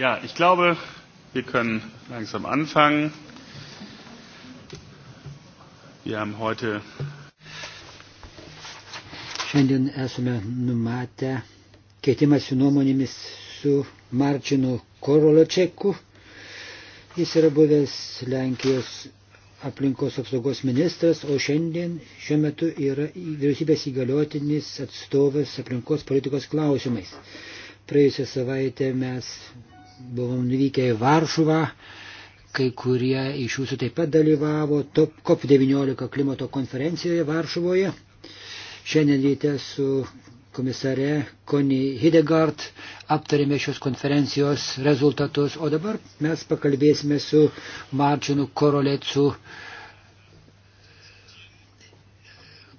Ja, ich glaube, wir können langsam anfangen. Wir haben heute. Šiandien esame numatę keitimąsi nuomonėmis su Marčinu Koroločeku. Jis yra buvęs Lenkijos aplinkos apsaugos ministras, o šiandien šiuo metu yra vyriausybės įgaliotinis atstovas aplinkos politikos klausimais. Praėjusią savaitę mes buvom nuvykę į Varšuvą, kai kurie iš jūsų taip pat dalyvavo top COP19 klimato konferencijoje Varšuvoje. Šiandien ryte su komisare Koni Hidegard aptarėme šios konferencijos rezultatus, o dabar mes pakalbėsime su Marčinu Korolecu,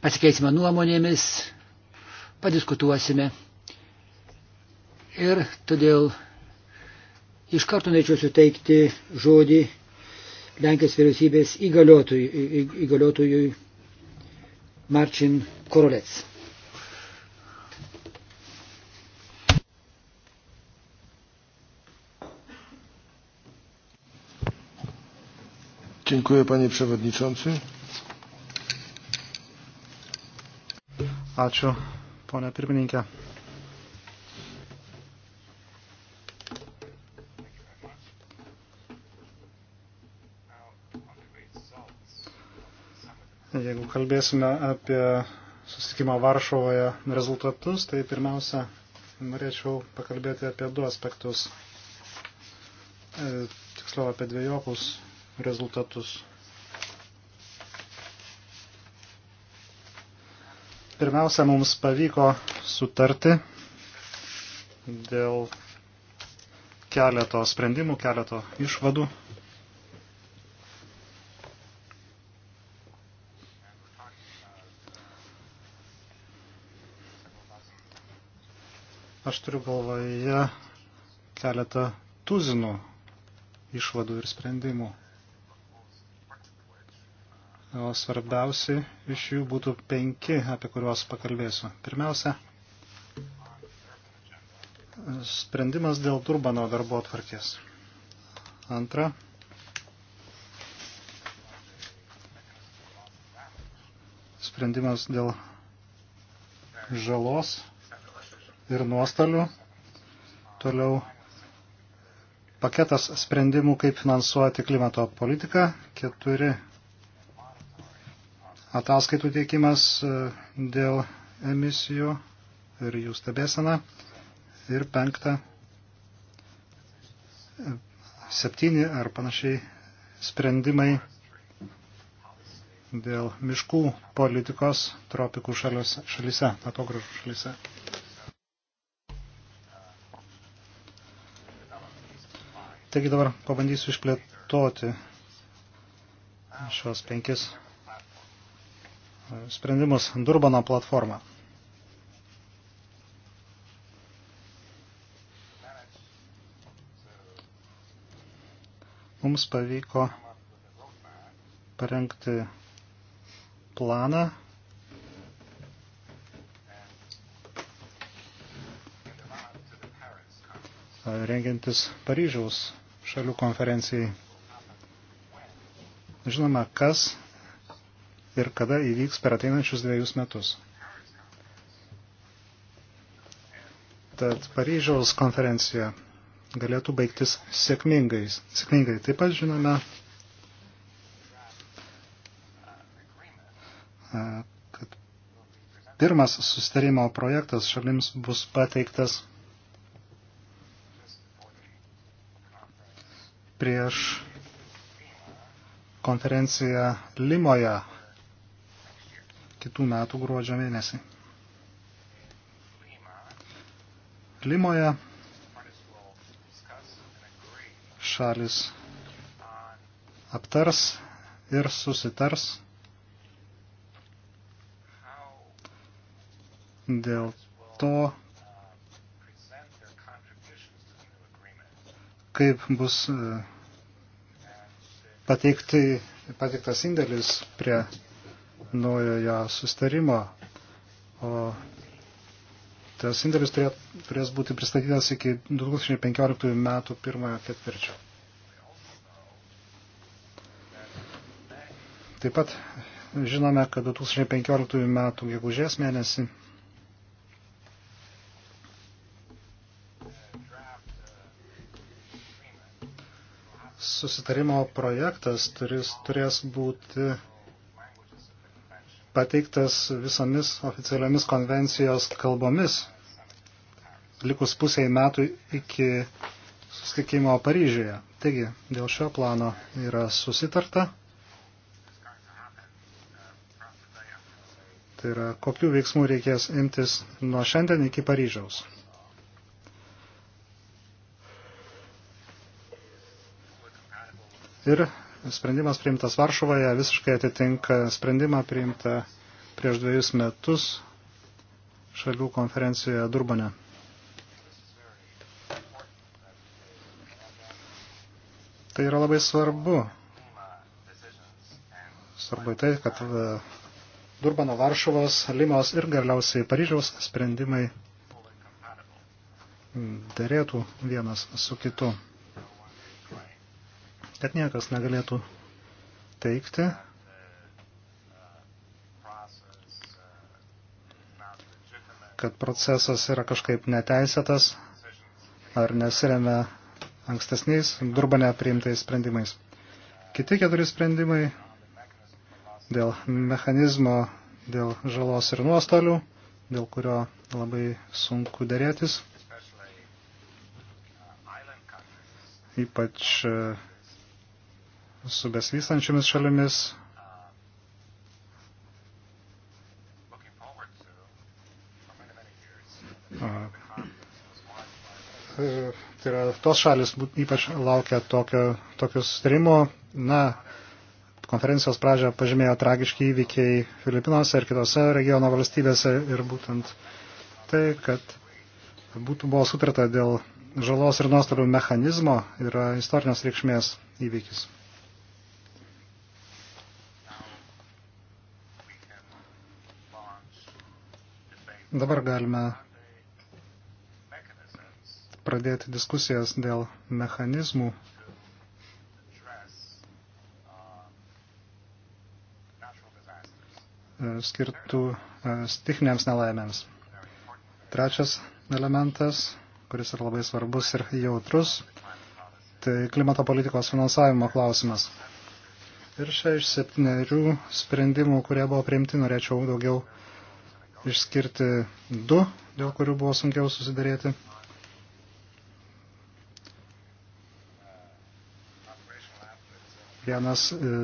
pasikeisime nuomonėmis, padiskutuosime. Ir todėl Iš karto norėčiau suteikti žodį Lenkijos vyriausybės įgaliotojui, įgaliotojui Marčin Korolets. Dziękuję panie przewodniczący. Ačiū, ponia pirmininkė. Jeigu kalbėsime apie susitikimą Varšuvoje rezultatus, tai pirmiausia, norėčiau pakalbėti apie du aspektus. E, tiksliau, apie dviejopus rezultatus. Pirmiausia, mums pavyko sutarti dėl keleto sprendimų, keleto išvadų Aš turiu galvoje keletą tuzinų išvadų ir sprendimų. O svarbiausi iš jų būtų penki, apie kuriuos pakalbėsiu. Pirmiausia, sprendimas dėl Durbano darbo atvarkės. Antra, sprendimas dėl žalos ir nuostolių. Toliau paketas sprendimų, kaip finansuoti klimato politiką. Keturi ataskaitų teikimas e, dėl emisijų ir jų stebėsena. Ir penkta, e, septyni ar panašiai sprendimai dėl miškų politikos tropikų šaliuose, šalyse, atogražų šalyse. Taigi dabar pabandysiu išplėtoti šios penkis e, sprendimus Durbano platformą. Mums pavyko parengti planą e, rengiantis Paryžiaus šalių konferencijai. Žinoma, kas ir kada įvyks per ateinančius dviejus metus. Tad Paryžiaus konferencija galėtų baigtis sėkmingai. sėkmingai. Taip pat žinome, kad pirmas susitarimo projektas šalims bus pateiktas prieš konferenciją Limoje kitų metų gruodžio mėnesį. Limoje šalis aptars ir susitars dėl to, kaip bus e, pateikti, pateiktas indėlis prie naujojo sustarimo. O tas indėlis turė, turės būti pristatytas iki 2015 metų pirmojo ketvirčio. Taip pat žinome, kad 2015 metų gegužės mėnesį susitarimo projektas turis, turės būti pateiktas visomis oficialiomis konvencijos kalbomis, likus pusiai metų iki susitikimo Paryžiuje. Taigi, dėl šio plano yra susitarta. Tai yra, kokių veiksmų reikės imtis nuo šiandien iki Paryžiaus. Ir sprendimas priimtas Varšuvoje visiškai atitinka sprendimą priimtą prieš dviejus metus šalių konferencijoje Durbane. Tai yra labai svarbu. Svarbu tai, kad e, Durbano Varšuvos, Limos ir galiausiai Paryžiaus sprendimai dėrėtų vienas su kitu kad niekas negalėtų teikti, kad procesas yra kažkaip neteisėtas ar nesiremia ankstesniais Durbane priimtais sprendimais. Kiti keturi sprendimai dėl mechanizmo, dėl žalos ir nuostolių, dėl kurio labai sunku dėrėtis, ypač su besvystančiomis šalimis. E, tai yra, tos šalis ypač laukia tokio, tokio sustarimo. Na, konferencijos pradžią pažymėjo tragiški įvykiai Filipinuose ir kitose regiono valstybėse ir būtent tai, kad būtų buvo sutarta dėl žalos ir nuostolių mechanizmo yra istorinės reikšmės įvykis. Dabar galime pradėti diskusijas dėl mechanizmų, skirtų e, stichinėms nelaimėms. Trečias elementas, kuris yra labai svarbus ir jautrus, tai klimato politikos finansavimo klausimas. Ir šia iš septynerių sprendimų, kurie buvo priimti, norėčiau daugiau išskirti du, dėl kurių buvo sunkiau susidarėti. Vienas e,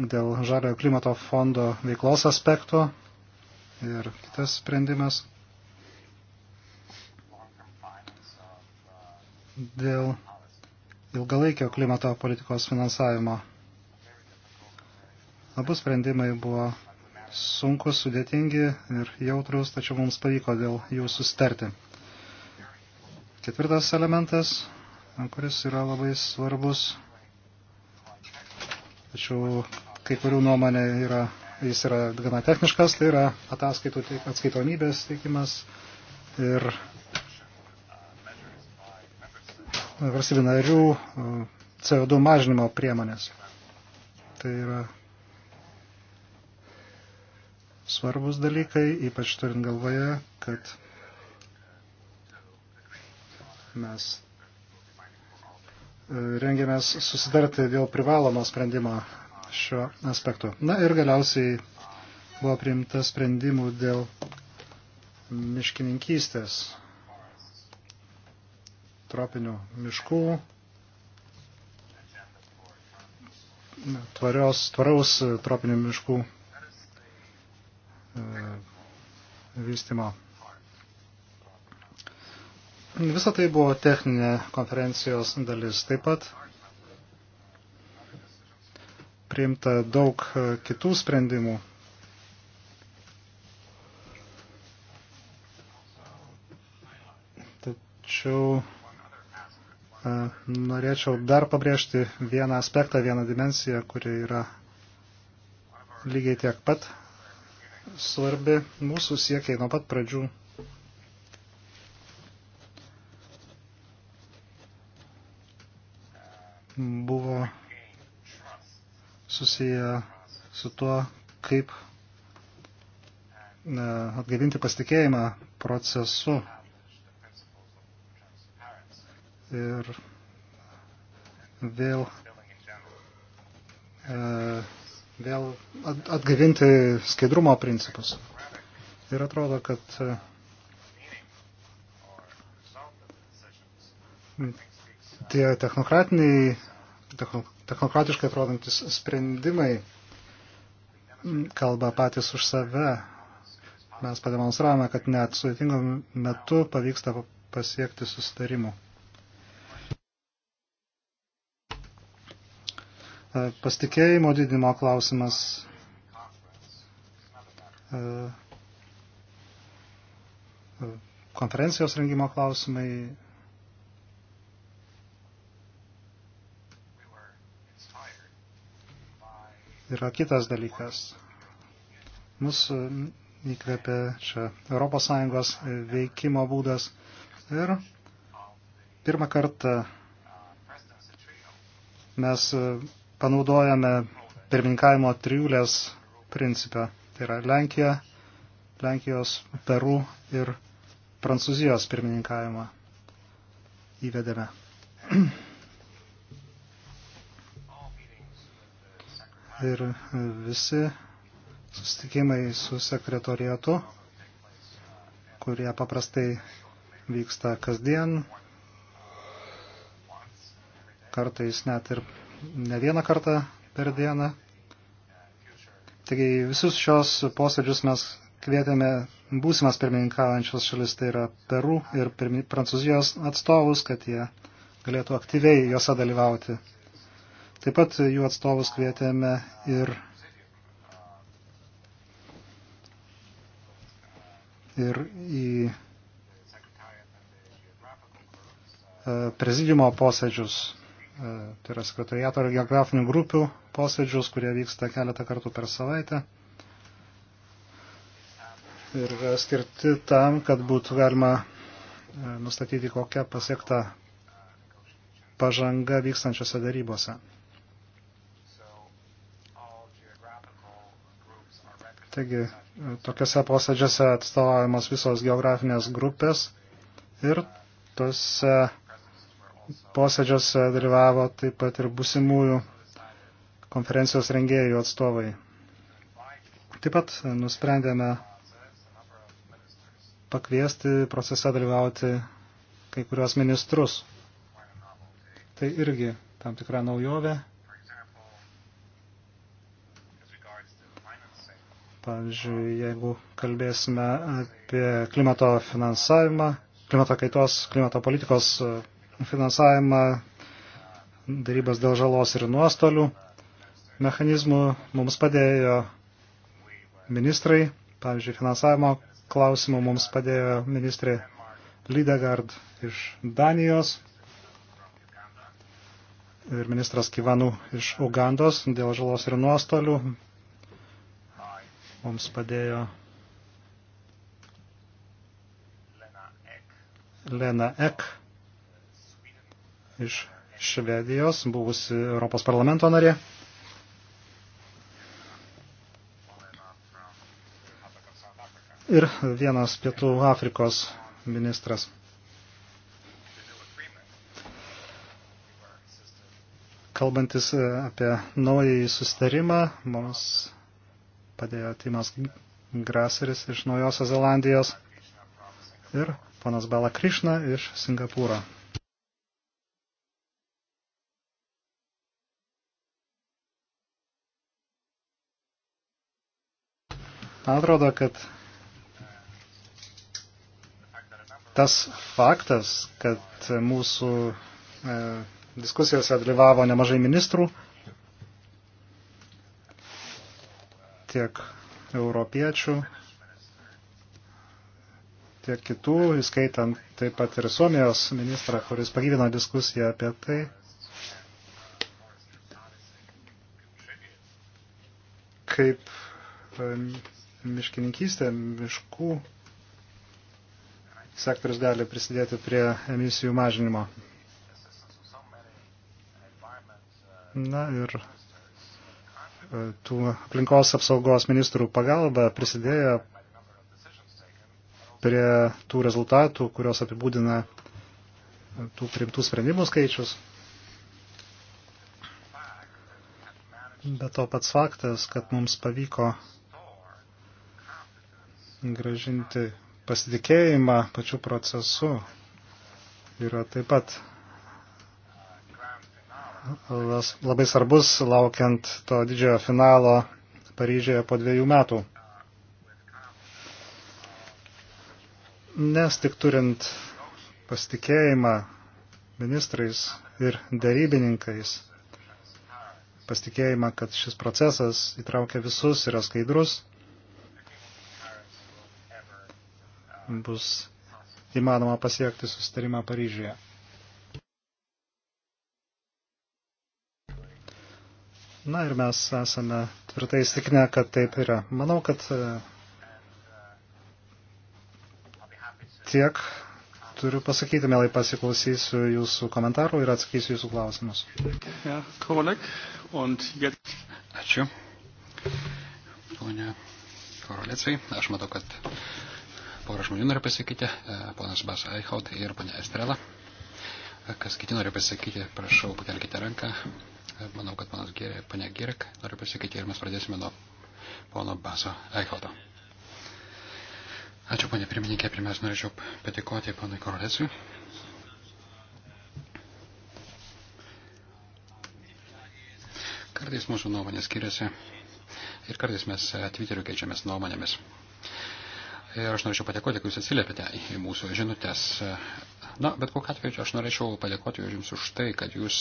dėl žaliojo klimato fondo veiklos aspekto ir kitas sprendimas dėl ilgalaikio klimato politikos finansavimo. Abu sprendimai buvo sunkus, sudėtingi ir jautrus, tačiau mums pavyko dėl jų sustarti. Ketvirtas elementas, kuris yra labai svarbus, tačiau kai kurių nuomonė yra, jis yra gana techniškas, tai yra ataskaitų atskaitomybės teikimas ir e, valstybių narių e, CO2 mažinimo priemonės. Tai yra svarbus dalykai, ypač turint galvoje, kad mes e, rengiamės susidarti dėl privalomo sprendimo šiuo aspektu. Na ir galiausiai buvo priimta sprendimų dėl miškininkystės tropinių miškų, tvarios, tvaraus tropinių miškų E, vystimo. Visą tai buvo techninė konferencijos dalis. Taip pat priimta daug e, kitų sprendimų. Tačiau e, norėčiau dar pabrėžti vieną aspektą, vieną dimensiją, kuri yra lygiai tiek pat svarbi mūsų siekiai nuo pat pradžių. buvo susiję su tuo, kaip atgaivinti pasitikėjimą procesu ir vėl e, vėl atgavinti skaidrumo principus. Ir atrodo, kad e, tie technokratiniai, technokratiškai atrodantis sprendimai kalba patys už save. Mes pademonstravome, kad net sudėtingų metu pavyksta pasiekti susitarimų. E, pasitikėjimo didinimo klausimas. E, e, konferencijos rengimo klausimai yra kitas dalykas. Mūsų įkvėpė čia ES veikimo būdas ir pirmą kartą mes panaudojame pirmininkavimo triulės principą. Tai yra Lenkija, Lenkijos, Peru ir Prancūzijos pirmininkavimą įvedėme. Ir visi susitikimai su sekretoriatu, kurie paprastai vyksta kasdien, kartais net ir ne vieną kartą per dieną. Taigi visus šios posėdžius mes kvietėme būsimas pirmininkaujančios šalis, tai yra Peru ir pirmi, Prancūzijos atstovus, kad jie galėtų aktyviai juose dalyvauti. Taip pat jų atstovus kvietėme ir, ir į e, prezidiumo posėdžius E, tai yra sekretariato ir geografinių grupių posėdžius, kurie vyksta keletą kartų per savaitę. Ir yra skirti tam, kad būtų galima e, nustatyti, kokia pasiekta pažanga vykstančiose darybose. Taigi, e, tokiuose posėdžiuose atstovaujamos visos geografinės grupės ir tose posėdžiuose dalyvavo taip pat ir busimųjų konferencijos rengėjų atstovai. Taip pat nusprendėme pakviesti procese dalyvauti kai kuriuos ministrus. Tai irgi tam tikra naujovė. Pavyzdžiui, jeigu kalbėsime apie klimato finansavimą, klimato kaitos, klimato politikos finansavimą, darybas dėl žalos ir nuostolių mechanizmų mums padėjo ministrai, pavyzdžiui, finansavimo klausimų mums padėjo ministrė Lidegard iš Danijos ir ministras Kivanų iš Ugandos dėl žalos ir nuostolių. Mums padėjo Lena Ek iš Švedijos, buvusi Europos parlamento narė. Ir vienas pietų Afrikos ministras. Kalbantis e, apie naująjį sustarimą, mums padėjo Timas Graseris iš Naujosios Zelandijos ir ponas Bala Krišna iš Singapūro. Man atrodo, kad tas faktas, kad mūsų e, diskusijose dalyvavo nemažai ministrų, tiek europiečių, tiek kitų, įskaitant taip pat ir Suomijos ministrą, kuris pagyvino diskusiją apie tai. kaip miškininkystė, miškų sektorius gali prisidėti prie emisijų mažinimo. Na ir e, tų aplinkos apsaugos ministrų pagalba prisidėjo prie tų rezultatų, kurios apibūdina tų priimtų sprendimų skaičius. Bet to pats faktas, kad mums pavyko gražinti pasitikėjimą pačiu procesu yra taip pat labai svarbus laukiant to didžiojo finalo Paryžėje po dviejų metų. Nes tik turint pasitikėjimą ministrais ir darybininkais, pasitikėjimą, kad šis procesas įtraukia visus, yra skaidrus, bus įmanoma pasiekti susitarimą Paryžiuje. Na ir mes esame tvirtai įstikinę, kad taip yra. Manau, kad e, tiek turiu pasakyti, mielai pasiklausysiu jūsų komentarų ir atsakysiu jūsų klausimus. Ačiū. Pone Korolecai, aš matau, kad porą žmonių nori pasakyti, e, ponas Bas Eichhaut ir ponė Estrela. E, kas kiti nori pasakyti, prašau, pakelkite ranką. E, manau, kad ponas Gerė, ponė Gerek nori pasakyti ir mes pradėsime nuo pono Baso Eichhauto. Ačiū, ponė pirmininkė, pirmiausia norėčiau patikoti ponui Korolecui. Kartais mūsų nuomonės skiriasi ir kartais mes Twitteriu keičiamės nuomonėmis. Ir aš norėčiau padėkoti, kad jūs atsiliepėte į mūsų žinutės. Na, bet kokiu atveju aš norėčiau padėkoti jums už tai, kad jūs,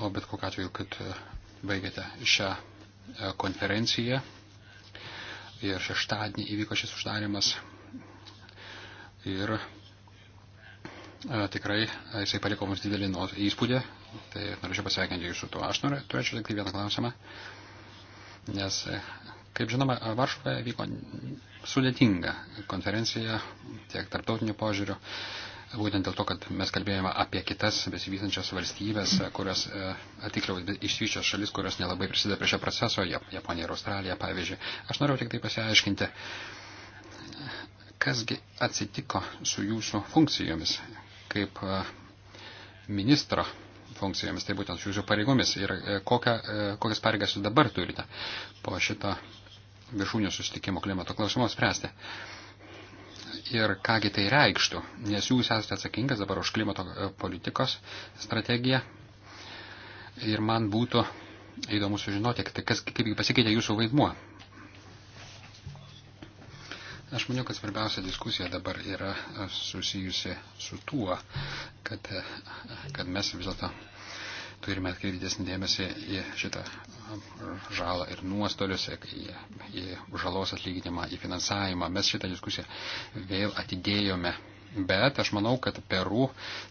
o bet kokiu atveju, kad baigėte šią e, konferenciją. Ir šeštadienį įvyko šis uždarimas. Ir a, e, tikrai e, jisai paliko mums didelį įspūdį. Tai norėčiau pasveikinti jūsų tuo. Aš norėčiau tik vieną klausimą. Nes Kaip žinoma, Varšuvoje vyko sudėtinga konferencija tiek tarptautinių požiūrių, būtent dėl to, kad mes kalbėjome apie kitas besivystančias valstybės, kurios, e, tikliau, išvyščios šalis, kurios nelabai prisideda prie šio proceso, Japonija ir Australija, pavyzdžiui. Aš norėjau tik tai pasiaiškinti, kasgi atsitiko su jūsų funkcijomis kaip e, ministro funkcijomis, tai būtent jūsų pareigomis ir e, kokią, kokias pareigas jūs dabar turite po šito viršūnių susitikimo klimato klausimams spręsti. Ir kągi tai reikštų, nes jūs esate atsakingas dabar už klimato e, politikos strategiją. Ir man būtų įdomu sužinoti, tai kas, kaip pasikeitė jūsų vaidmuo. Aš maniau, kad svarbiausia diskusija dabar yra e, susijusi su tuo, kad, e, kad mes vis dėlto turime atkreipti dėmesį į šitą žalą ir nuostolius, į, į žalos atlyginimą, į finansavimą. Mes šitą diskusiją vėl atidėjome. Bet aš manau, kad Peru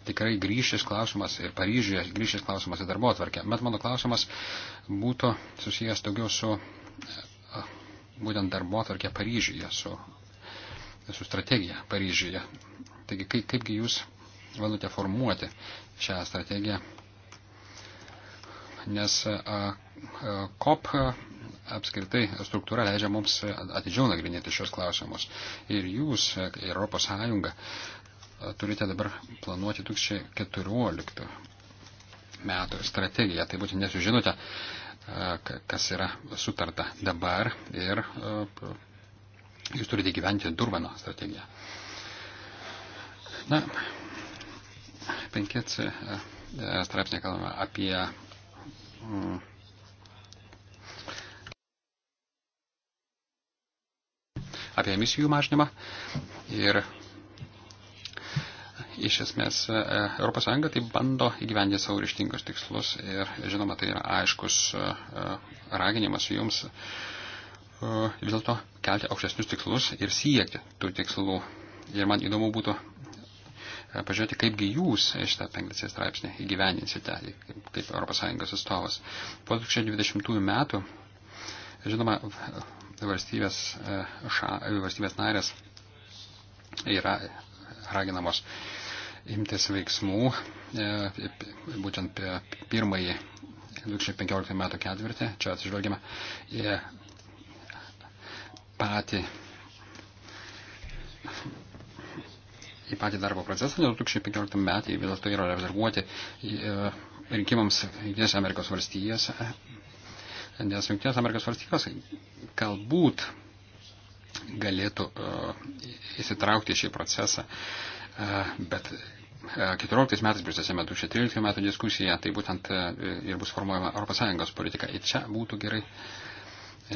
tikrai grįžtis klausimas ir Paryžiuje grįžtis klausimas į darbo atvarkę. Bet mano klausimas būtų susijęs daugiau su būtent darbo atvarkė Paryžiuje, su, su strategija Paryžiuje. Taigi kaip, kaipgi jūs vanote formuoti šią strategiją nes COP apskritai struktūra leidžia mums atidžiau nagrinėti šios klausimus. Ir jūs, Europos Sąjunga, turite dabar planuoti 2014 metų strategiją. Tai būtent nes jūs žinote, kas yra sutarta dabar ir jūs turite gyventi Durbano strategiją. Na, 5 straipsnė kalbame apie Hmm. apie emisijų mažinimą. Ir iš esmės ES tai bando įgyvendinti savo ryštingus tikslus ir žinoma, tai yra aiškus e, raginimas jums e, vis dėlto kelti aukštesnius tikslus ir siekti tų tikslų. Ir man įdomu būtų pažiūrėti, kaipgi jūs šitą 50 straipsnį įgyvendinsite kaip, kaip ES atstovas. Po 2020 metų, žinoma, valstybės, e, ša, valstybės narės yra raginamos imtis veiksmų, e, būtent pirmąjį 2015 metų ketvirtį, čia atsižvelgiame į patį į patį darbo procesą, nes 2015 metai vis dėlto yra rezervuoti e, rinkimams Junktinės Amerikos valstijose, nes Junktinės Amerikos valstijos galbūt galėtų e, įsitraukti šį procesą, e, bet 14 metais pristatėme 2013 metų diskusiją, tai būtent ir bus formuojama ES politika. Ir čia būtų gerai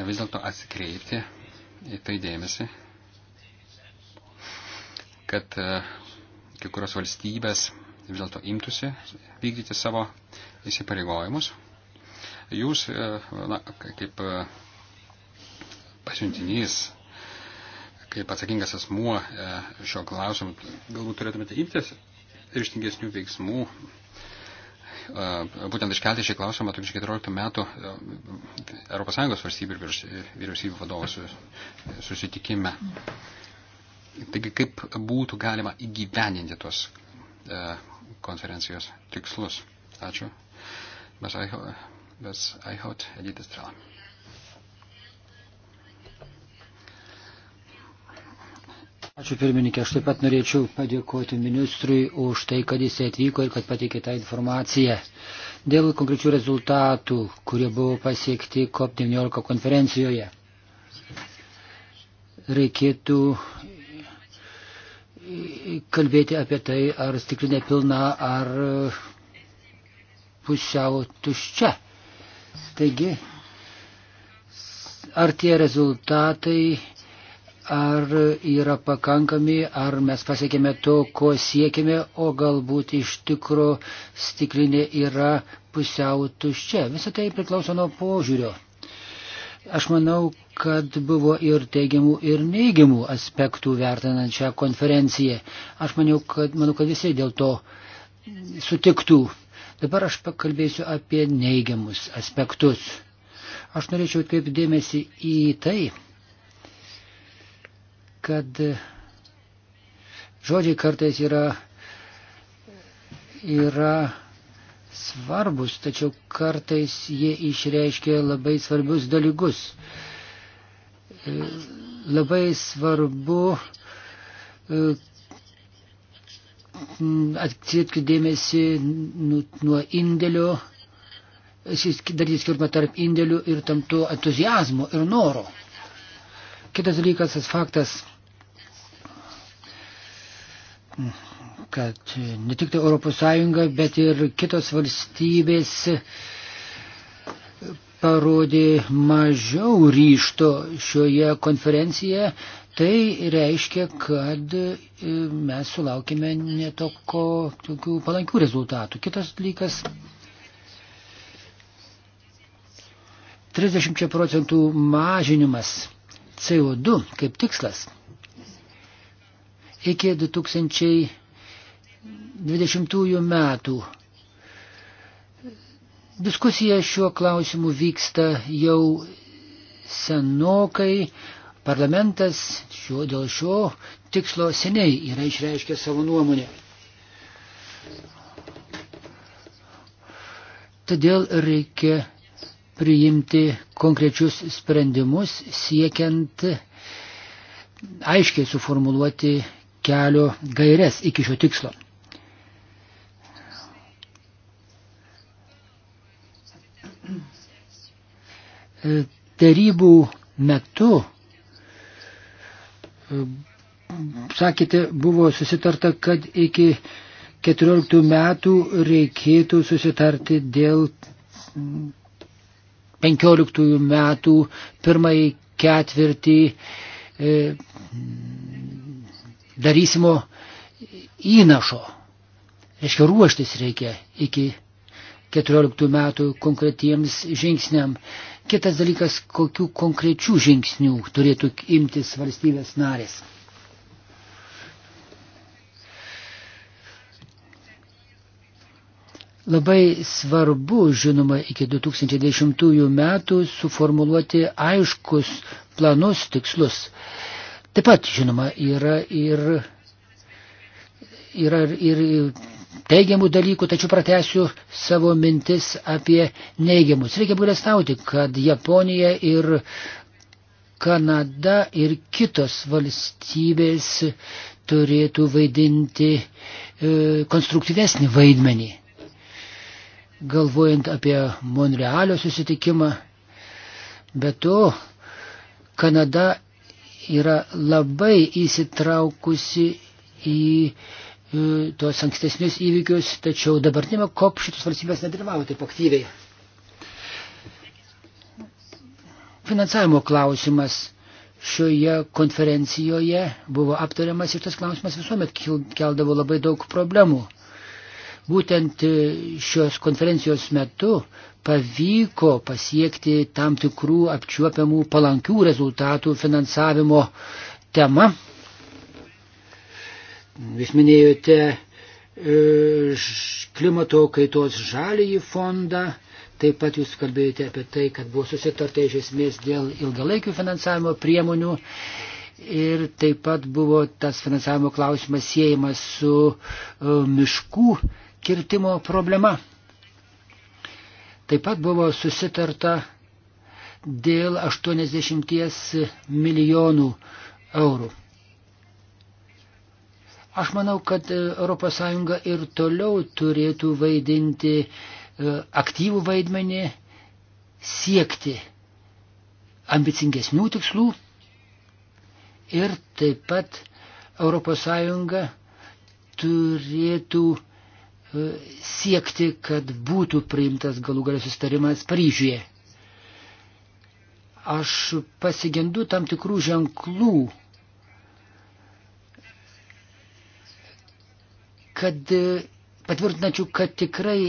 vis dėlto atsikreipti į tai dėmesį, kad e, kai kurios valstybės vis dėlto imtųsi vykdyti savo įsipareigojimus. Jūs, e, na, kaip e, pasiuntinys, kaip atsakingas asmuo šio klausimu, galbūt turėtumėte imtis ryštingesnių veiksmų, būtent iškelti šį klausimą 2014 metų ES valstybių ir vyriausybių vadovų susitikime. Taigi, kaip būtų galima įgyveninti tos e, konferencijos tikslus? Ačiū. Mes Aihot, Edita Strela. Ačiū pirmininkė, aš taip pat norėčiau padėkoti ministrui už tai, kad jis atvyko ir kad pateikė tą informaciją. Dėl konkrečių rezultatų, kurie buvo pasiekti COP19 konferencijoje, reikėtų kalbėti apie tai, ar stiklinė pilna, ar e, pusiau tuščia. Taigi, ar tie rezultatai, ar yra pakankami, ar mes pasiekėme to, ko siekime, o galbūt iš tikro stiklinė yra pusiau tuščia. Visą tai priklauso nuo požiūrio. Aš manau, kad buvo ir teigiamų, ir neigiamų aspektų vertinant šią konferenciją. Aš maniau, kad, manau, kad visi dėl to sutiktų. Dabar aš pakalbėsiu apie neigiamus aspektus. Aš norėčiau atkreipti dėmesį į tai, kad žodžiai kartais yra, yra svarbus, tačiau kartais jie išreiškia labai svarbius dalykus. E, labai svarbu e, atkreipti dėmesį nu, nuo indėlio, daryti skirtumą tarp indėlių ir tam to entuzijazmo ir noro. Kitas dalykas, tas faktas, kad ne tik tai ES, bet ir kitos valstybės parodė mažiau ryšto šioje konferencijoje, tai reiškia, kad e, mes sulaukime netoko tokių palankių rezultatų. Kitas dalykas. 30 procentų mažinimas CO2 kaip tikslas iki 2000 20 metų. Diskusija šiuo klausimu vyksta jau senokai. Parlamentas šiuo, dėl šio tikslo seniai yra išreiškę savo nuomonę. Todėl reikia priimti konkrečius sprendimus siekiant aiškiai suformuluoti kelio gairias iki šio tikslo. tarybų e, metu, e, sakėte, buvo susitarta, kad iki 14 metų reikėtų susitarti dėl 15 metų pirmąjį ketvirtį e, darysimo įnašo. Reiškia, ruoštis reikia iki 14 metų konkretiems žingsniams. Kitas dalykas, kokių konkrečių žingsnių turėtų imtis valstybės narės. Labai svarbu, žinoma, iki 2010 metų suformuluoti aiškus planus, tikslus. Taip pat, žinoma, yra ir, yra ir teigiamų dalykų, tačiau pratesiu savo mintis apie neigiamus. Reikia būlestauti, kad Japonija ir Kanada ir kitos valstybės turėtų vaidinti e, konstruktyvesnį vaidmenį. Galvojant apie Monrealio susitikimą, bet to Kanada yra labai įsitraukusi į e, Mm, tuos ankstesnius įvykius, tačiau dabartinėme COP šitos valstybės nedalyvavo taip aktyviai. Finansavimo klausimas šioje konferencijoje buvo aptariamas ir tas klausimas visuomet keldavo labai daug problemų. Būtent šios konferencijos metu pavyko pasiekti tam tikrų apčiuopiamų palankių rezultatų finansavimo tema Vis minėjote e, klimato kaitos žalįjį fondą, taip pat jūs kalbėjote apie tai, kad buvo susitarta iš esmės dėl ilgalaikių finansavimo priemonių ir taip pat buvo tas finansavimo klausimas siejamas su e, miškų kirtimo problema. Taip pat buvo susitarta dėl 80 milijonų eurų. Aš manau, kad ES ir toliau turėtų vaidinti e, aktyvų vaidmenį, siekti ambicingesnių tikslų ir taip pat ES turėtų e, siekti, kad būtų priimtas galų galę sustarimas Paryžiuje. Aš pasigendu tam tikrų ženklų kad e, patvirtinančių, kad tikrai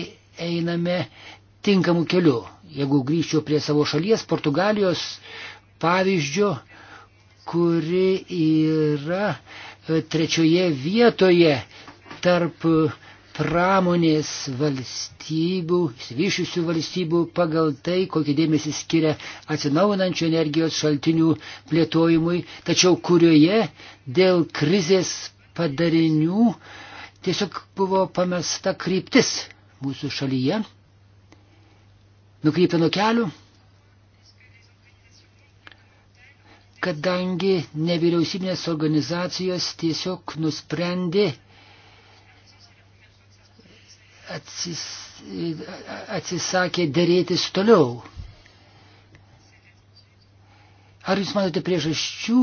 einame tinkamu keliu. Jeigu grįžčiau prie savo šalies, Portugalijos pavyzdžio, kuri yra e, trečioje vietoje tarp pramonės valstybių, išsivyšusių valstybių pagal tai, kokį dėmesį skiria atsinaujinančių energijos šaltinių plėtojimui, tačiau kurioje dėl krizės padarinių uh, Tiesiog buvo pamesta kryptis mūsų šalyje, nukrypta nuo kelių, kadangi nevyriausybinės organizacijos tiesiog nusprendė atsis, atsisakė dėrėtis toliau. Ar jūs manote priežasčių,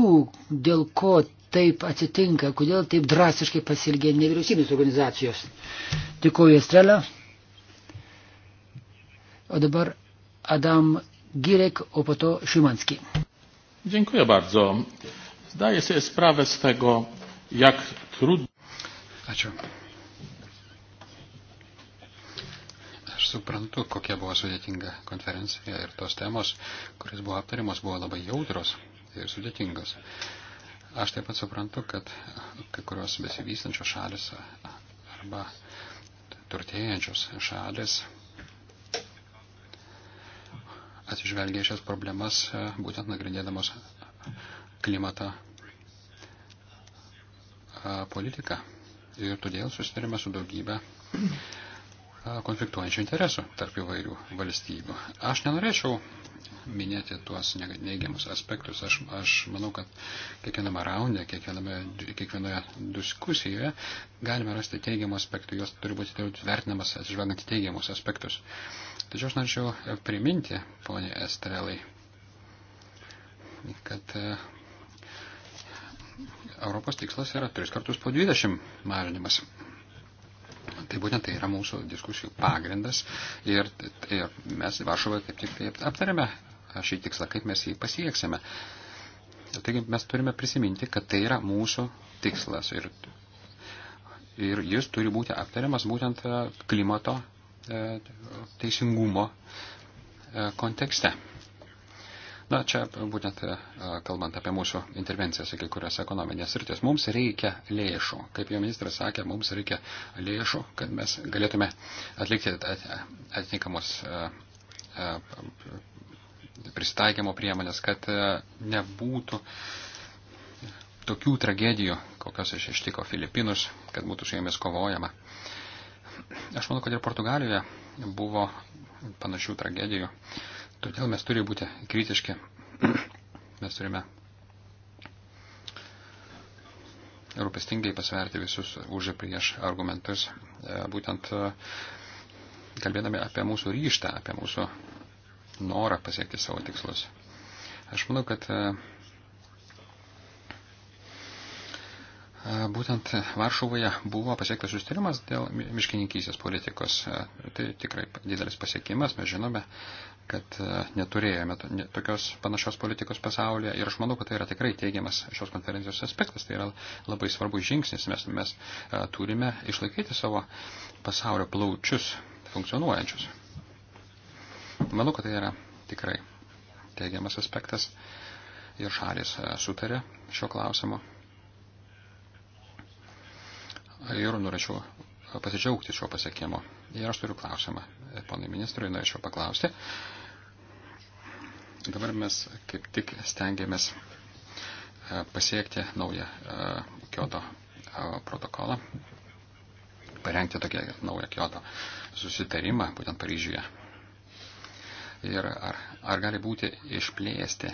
dėl ko taip atsitinka, kodėl taip drastiškai pasilgė nevyriausybės organizacijos. Dėkuoju, Estrela. O dabar Adam Girek, o po to Szymanski. Dziękuję bardzo. Zdaję sobie sprawę z tego, jak trudno. Ačiū. Aš suprantu, kokia buvo sudėtinga konferencija ir tos temos, kuris buvo aptariamos, buvo labai jautros ir sudėtingos. Aš taip pat suprantu, kad kai kurios besivystančios šalis arba turtėjančios šalis atsižvelgia šias problemas būtent nagrindėdamos klimatą politiką. Ir todėl susitarime su daugybė konfliktuojančių interesų tarp įvairių valstybių. Aš nenorėčiau minėti tuos neigiamus aspektus. Aš, aš manau, kad kiekviename raunde, kiekvienoje diskusijoje galime rasti teigiamų aspektų, jos turi būti vertinamas atsižvelgiant į teigiamus aspektus. Tačiau aš norėčiau priminti, ponė Estrelai, kad e, Europos tikslas yra tris kartus po 20 mažinimas. Tai būtent tai yra mūsų diskusijų pagrindas ir, ir mes Varšuvoje kaip tik tai aptarėme šį tikslą, kaip mes jį pasieksime. Taigi mes turime prisiminti, kad tai yra mūsų tikslas ir, ir jis turi būti aptariamas būtent e, klimato e, teisingumo e, kontekste. Na, čia būtent e, kalbant apie mūsų intervencijas į kai kurias ekonominės rytis, mums reikia lėšų. Kaip jau ministras sakė, mums reikia lėšų, kad mes galėtume atlikti atitinkamus e, e, pristaikymo priemonės, kad nebūtų tokių tragedijų, kokios iš ištiko Filipinus, kad būtų su jomis kovojama. Aš manau, kad ir Portugalijoje buvo panašių tragedijų. Todėl mes turime būti kritiški. Mes turime rūpestingai pasverti visus už ir prieš argumentus, e, būtent e, kalbėdami apie mūsų ryštą, apie mūsų norą pasiekti savo tikslus. Aš manau, kad e, Būtent Varšuvoje buvo pasiektas sustarimas dėl miškininkysės politikos. Tai tikrai didelis pasiekimas, mes žinome, kad e, neturėjome tokios panašios politikos pasaulyje ir aš manau, kad tai yra tikrai teigiamas šios konferencijos aspektas, tai yra labai svarbus žingsnis, mes, mes e, turime išlaikyti savo pasaulio plaučius funkcionuojančius. Manau, kad tai yra tikrai teigiamas aspektas ir šalis e, sutarė šio klausimo. Ir norėčiau pasidžiaugti šio pasiekimu. Ir aš turiu klausimą. E, ponai ministrui norėčiau paklausti. Dabar mes kaip tik stengiamės e, pasiekti naują e, Kyoto protokolą, parengti tokią naują Kyoto susitarimą, būtent Paryžiuje. Ir ar, ar gali būti išplėsti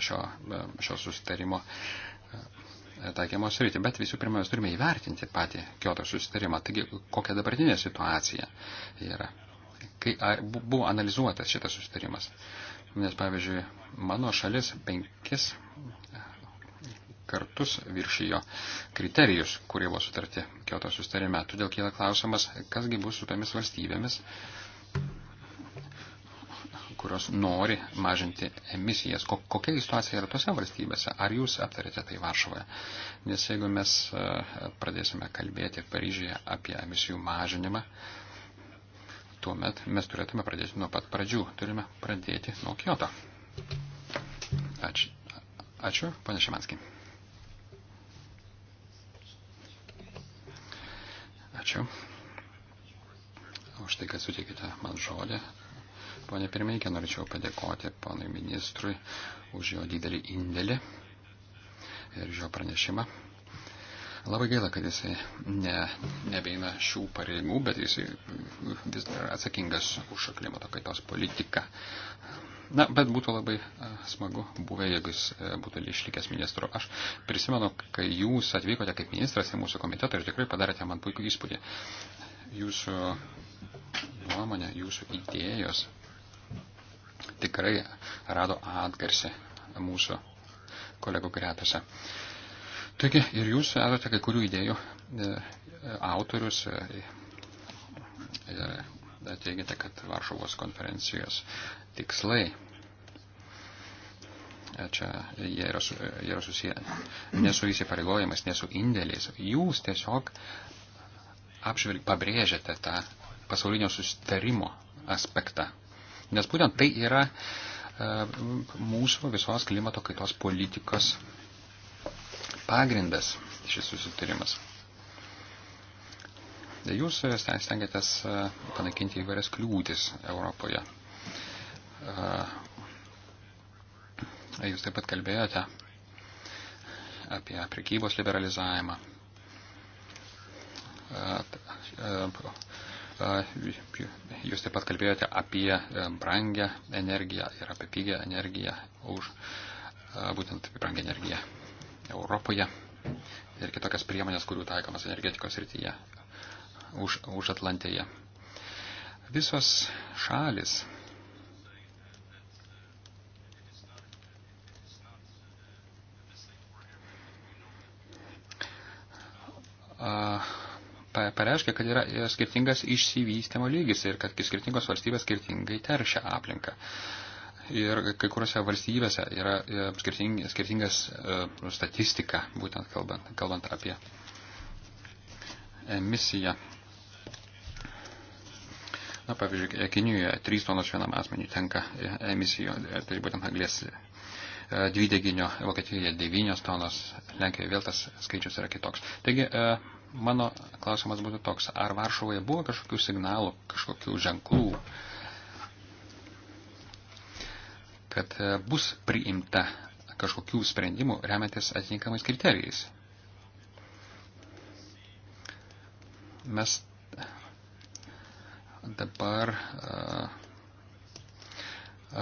šio, šio susitarimo uh, taikymo sritį. Bet visų pirma, mes turime įvertinti patį Kyoto susitarimą. Taigi, kokia dabartinė situacija yra. Kai ar, buvo analizuotas šitas susitarimas. Nes, pavyzdžiui, mano šalis penkis kartus viršijo kriterijus, kurie buvo sutarti Kyoto susitarime. Todėl kyla klausimas, kasgi bus su tomis valstybėmis, kurios nori mažinti emisijas. Kokia situacija yra tose valstybėse? Ar jūs aptarėte tai Varšuvoje? Nes jeigu mes e, pradėsime kalbėti Paryžyje apie emisijų mažinimą, tuomet mes turėtume pradėti nuo pat pradžių. Turime pradėti nuo Kyoto. Ačiū. Ačiū, pane Šimanskiai. Ačiū už tai, kad suteikite man žodį. Pone pirmininkė, norėčiau padėkoti ponui ministrui už jo didelį indėlį ir jo pranešimą. Labai gaila, kad jisai ne, nebeina šių pareigų, bet jisai vis dar atsakingas už klimato kaitos politiką. Na, bet būtų labai smagu buvę, jeigu jis būtų išlikęs ministru. Aš prisimenu, kai jūs atvykote kaip ministras į mūsų komitetą ir tikrai padarėte man puikų įspūdį. Jūsų nuomonė, jūsų idėjos tikrai rado atgarsį mūsų kolegų gretose. Taigi ir jūs esate kai kurių idėjų e, autorius ir e, e, teigiate, kad Varšuvos konferencijos tikslai čia jie yra, su, jie yra susiję ne su įsipareigojimais, ne su indėliais. Jūs tiesiog apžvelg, pabrėžiate tą pasaulinio susitarimo aspektą Nes būtent tai yra e, mūsų visos klimato kaitos politikos pagrindas šis susitarimas. Jūs e, stengiatės e, panaikinti įvairias kliūtis Europoje. Jūs taip pat kalbėjote apie prekybos liberalizavimą, Jūs taip pat kalbėjote apie e, brangę energiją ir apie pigę energiją už e, būtent brangę energiją Europoje ir kitokias priemonės, kurių taikomas energetikos rytyje už, už Atlantėje. Visos šalis uh, pareiškia, kad yra skirtingas išsivystimo lygis ir kad skirtingos valstybės skirtingai teršia aplinką. Ir kai kuriuose valstybėse yra skirting, skirtingas e, statistika, būtent kalbant, kalbant apie emisiją. Na, pavyzdžiui, Kinijoje 3 tonos vienam asmeniu tenka emisijų, tai būtent anglės e, dvideginio, Vokietijoje 9 tonos, Lenkijoje vėl tas skaičius yra kitoks. Taigi, e, Mano klausimas būtų toks, ar Varšuvoje buvo kažkokių signalų, kažkokių ženklų, kad e, bus priimta kažkokių sprendimų remiantis atitinkamais kriterijais. Mes dabar uh, E,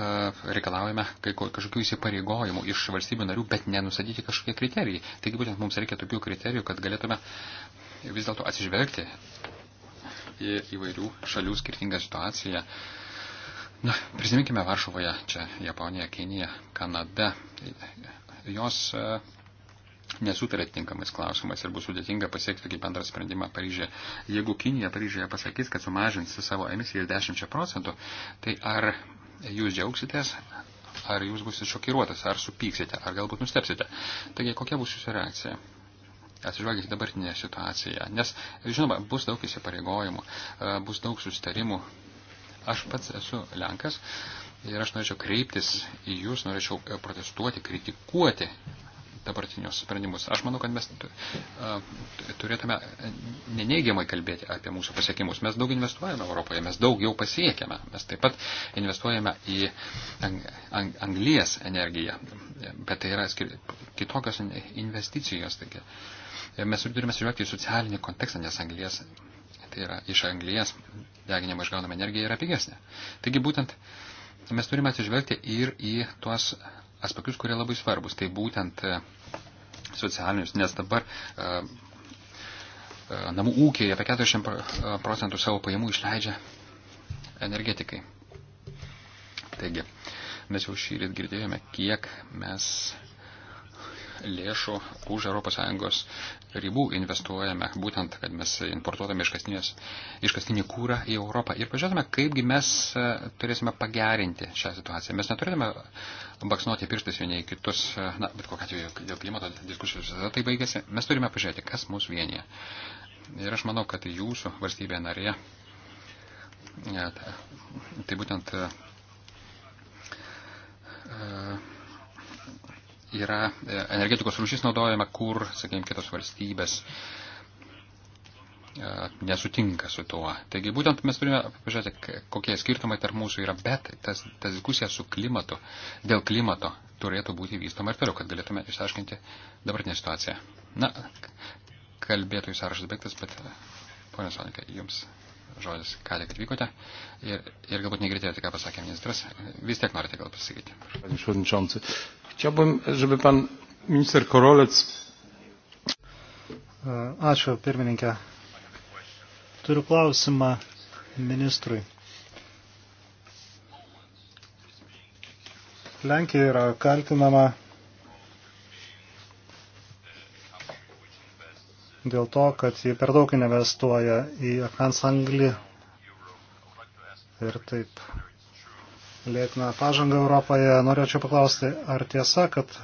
reikalaujame kažkokių įsipareigojimų iš valstybių narių, bet nenusatyti kažkokie kriterijai. Taigi būtent mums reikia tokių kriterijų, kad galėtume vis dėlto atsižvelgti į įvairių šalių skirtingą situaciją. Na, prisiminkime Varšuvoje, čia Japonija, Kinija, Kanada. Jos e, nesutarė tinkamais klausimais ir bus sudėtinga pasiekti tokį bendrą sprendimą Paryžėje. Jeigu Kinija Paryžėje pasakys, kad sumažins savo emisijas 10 procentų, tai ar jūs džiaugsitės, ar jūs busite šokiruotas, ar supyksite, ar galbūt nustepsite. Taigi, kokia bus jūsų reakcija? Atsižvelgite dabartinę situaciją, nes, žinoma, bus daug įsipareigojimų, e, bus daug sustarimų. Aš pats esu Lenkas ir aš norėčiau kreiptis į jūs, norėčiau e, protestuoti, kritikuoti dabartinius sprendimus. Aš manau, kad mes turėtume neneigiamai kalbėti apie mūsų pasiekimus. Mes daug investuojame Europoje, mes daug jau pasiekėme. Mes taip pat investuojame į anglies energiją, bet tai yra kitokios investicijos. Taigi. Mes turime žiūrėti į socialinį kontekstą, nes anglies, tai yra iš anglies deginimo išgaunama energija yra pigesnė. Taigi būtent mes turime atsižvelgti ir į tuos aspektus, kurie labai svarbus. Tai būtent e, socialinius, nes dabar e, e, namų ūkiai apie 40 procentų savo pajamų išleidžia energetikai. Taigi, mes jau šį rytą girdėjome, kiek mes lėšų už ES ribų investuojame, būtent, kad mes importuotame iškastinį kūrą į Europą. Ir pažiūrėtume, kaipgi mes e, turėsime pagerinti šią situaciją. Mes neturėtume baksnuoti pirštais vieni į kitus, e, na, bet kokia atveju dėl klimato diskusijų visada tai baigėsi. Mes turime pažiūrėti, kas mūsų vienyje. Ir aš manau, kad jūsų valstybė narė, e, tai būtent. Uh, yra e, energetikos rūšis naudojama, kur, sakėjim, kitos valstybės e, nesutinka su tuo. Taigi būtent mes turime pažiūrėti, kokie skirtumai tarp mūsų yra, bet tas, tas diskusija su klimatu, dėl klimato turėtų būti vystoma ir toliau, kad galėtume išsiaiškinti dabartinę situaciją. Na, kalbėtojų sąrašas baigtas, bet, e, ponia Sonika, jums žodis, ką tik atvykote ir, ir galbūt negirdėjote, ką pasakė ministras. Vis tiek norite gal pasakyti. Panie Przewodniczący, chciałbym, żeby pan minister Korolec. E, ačiū, pirmininkė. Turiu klausimą ministrui. Lenkija yra kaltinama dėl to, kad jie per daug investuoja į akmens anglį ir taip lėtina pažangą Europoje. Norėčiau paklausti, ar tiesa, kad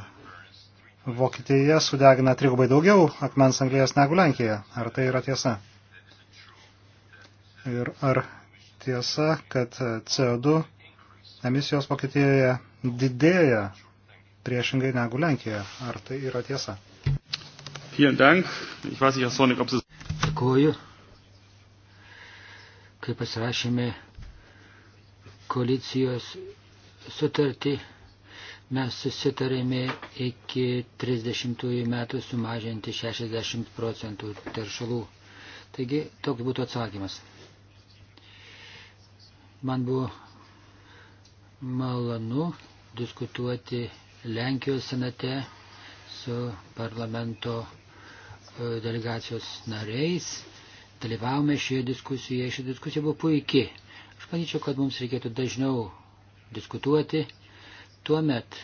Vokietija sudegina trigubai daugiau akmens anglijas negu Lenkija? Ar tai yra tiesa? Ir ar tiesa, kad CO2 emisijos Vokietijoje didėja priešingai negu Lenkijoje? Ar tai yra tiesa? Vielen Dank. Ich weiß nicht, Herr Sonik, ob Sie... Dėkuoju. Kai pasirašėme koalicijos sutartį, mes susitarėme iki 30 metų sumažinti 60 procentų teršalų. Taigi toks būtų atsakymas. Man buvo malonu diskutuoti Lenkijos senate su parlamento E, delegacijos nariais, dalyvavome šioje diskusijoje, ši diskusija buvo puikiai. Aš manyčiau, kad mums reikėtų dažniau diskutuoti. Tuomet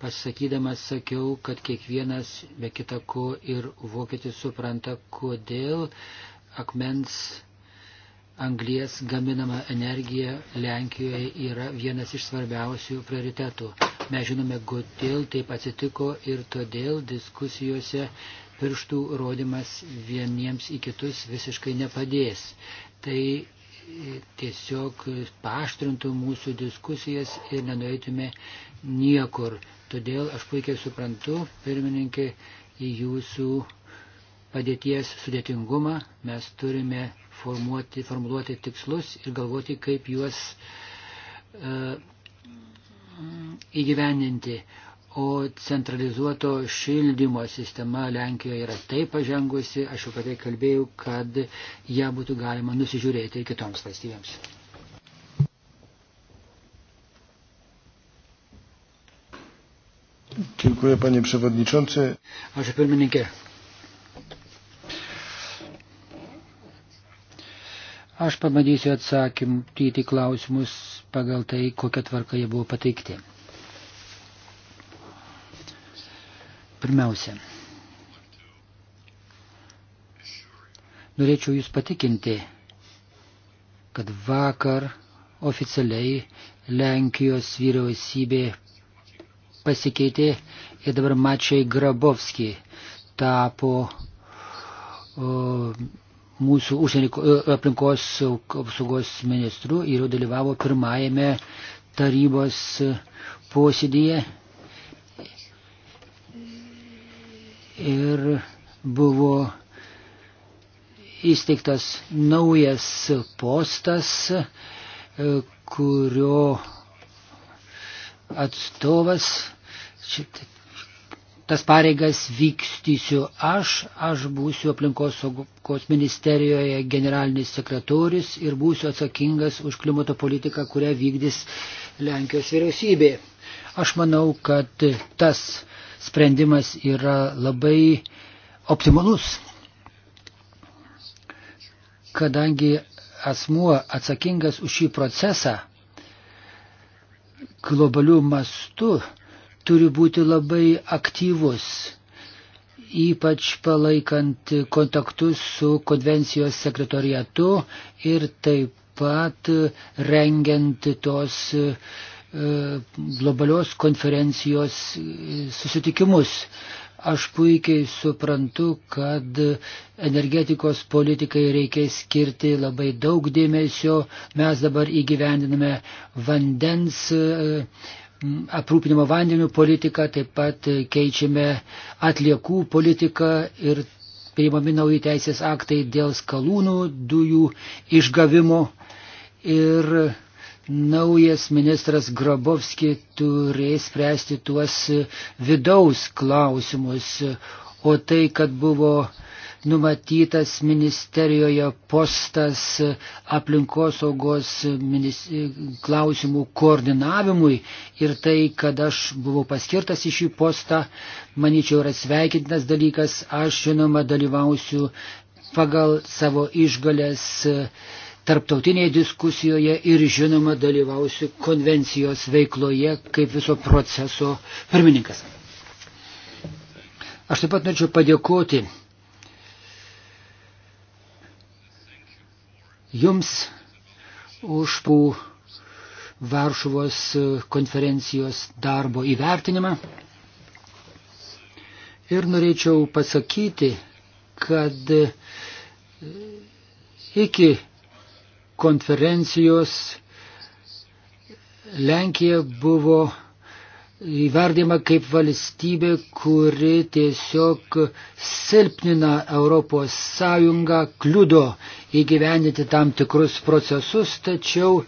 pasakydamas sakiau, kad kiekvienas be kitako ir vokietis supranta, kodėl akmens anglies gaminama energija Lenkijoje yra vienas iš svarbiausių prioritetų. Mes žinome, kodėl taip atsitiko ir todėl diskusijose pirštų rodimas vieniems į kitus visiškai nepadės. Tai e, tiesiog paaštrintų mūsų diskusijas ir nenueitume niekur. Todėl aš puikiai suprantu, pirmininkė, į jūsų padėties sudėtingumą mes turime formuoti, formuluoti tikslus ir galvoti, kaip juos uh, įgyveninti. O centralizuoto šildymo sistema Lenkijoje yra taip pažengusi, aš jau apie tai kalbėjau, kad ją būtų galima nusižiūrėti ir kitoms valstybėms. Dziękuję panie przewodniczący. Ačiū pirmininkė. Aš pabandysiu atsakymti į klausimus pagal tai, kokia tvarka jie buvo pateikti. Pirmiausia, norėčiau Jūs patikinti, kad vakar oficialiai Lenkijos vyriausybė pasikeitė ir dabar Mačiai Grabovski tapo o, mūsų užsienio e, aplinkos apsaugos ministru ir dalyvavo pirmajame tarybos posėdėje ir buvo įsteigtas naujas postas, e, kurio atstovas, šit, tas pareigas vykstysiu aš, aš būsiu aplinkos saugos ministerijoje generalinis sekretorius ir būsiu atsakingas už klimato politiką, kurią vykdys Lenkijos vyriausybė. Aš manau, kad tas sprendimas yra labai optimalus, kadangi asmuo atsakingas už šį procesą globalių mastų turi būti labai aktyvus, ypač palaikant kontaktus su konvencijos sekretoriatu ir taip pat rengiant tos uh, E, globalios konferencijos e, susitikimus. Aš puikiai suprantu, kad energetikos politikai reikės skirti labai daug dėmesio. Mes dabar įgyvendiname vandens e, aprūpinimo vandeniu politiką, taip pat keičiame atliekų politiką ir priimami nauji teisės aktai dėl skalūnų dujų išgavimo. Ir naujas ministras Grabovski turės spręsti tuos vidaus klausimus, o tai, kad buvo numatytas ministerijoje postas aplinkosaugos klausimų koordinavimui ir tai, kad aš buvau paskirtas į šį postą, manyčiau, yra sveikintinas dalykas. Aš, žinoma, dalyvausiu pagal savo išgalės tarptautinėje diskusijoje ir žinoma dalyvausiu konvencijos veikloje kaip viso proceso pirmininkas. Aš taip pat norėčiau padėkoti Jums už pų Varšuvos konferencijos darbo įvertinimą. Ir norėčiau pasakyti, kad iki konferencijos Lenkija buvo įvardima kaip valstybė, kuri tiesiog silpnina Europos Sąjungą, kliudo įgyvendinti tam tikrus procesus, tačiau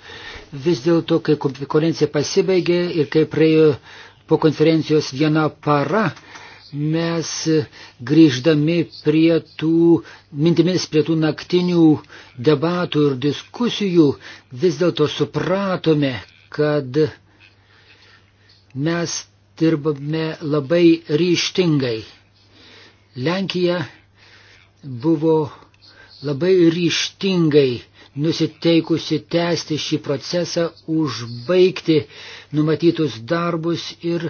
vis dėlto, kai konferencija pasibaigė ir kai praėjo po konferencijos viena para, mes e, grįždami prie tų mintimis, prie tų naktinių debatų ir diskusijų vis dėlto supratome, kad mes dirbame labai ryštingai. Lenkija buvo labai ryštingai nusiteikusi tęsti šį procesą, užbaigti numatytus darbus ir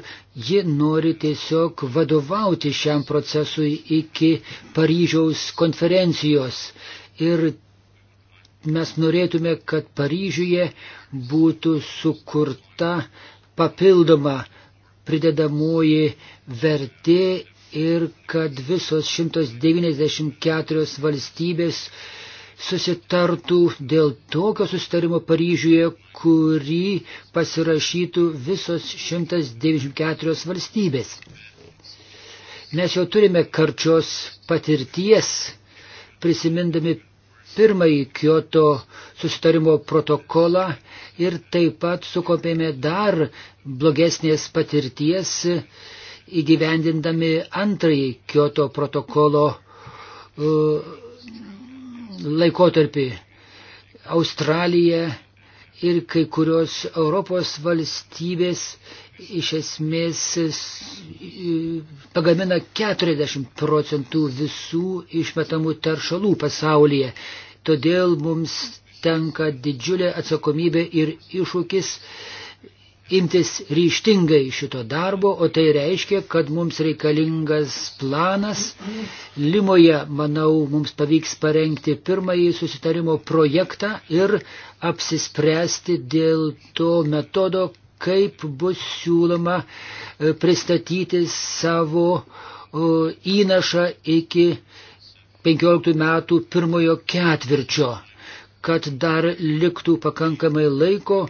ji nori tiesiog vadovauti šiam procesui iki Paryžiaus konferencijos. Ir mes norėtume, kad Paryžiuje būtų sukurta papildoma pridedamoji vertė ir kad visos 194 valstybės susitartų dėl tokio susitarimo Paryžiuje, kurį pasirašytų visos 194 valstybės. Mes jau turime karčios patirties, prisimindami pirmąjį Kyoto susitarimo protokolą ir taip pat sukopėme dar blogesnės patirties įgyvendindami antrąjį Kyoto protokolo uh, laikotarpį Australija ir kai kurios Europos valstybės iš esmės pagamina 40 procentų visų išmetamų teršalų pasaulyje. Todėl mums tenka didžiulė atsakomybė ir iššūkis imtis ryštingai šito darbo, o tai reiškia, kad mums reikalingas planas. Limoje, manau, mums pavyks parengti pirmąjį susitarimo projektą ir apsispręsti dėl to metodo, kaip bus siūloma e, pristatyti savo e, įnašą iki 15 metų pirmojo ketvirčio, kad dar liktų pakankamai laiko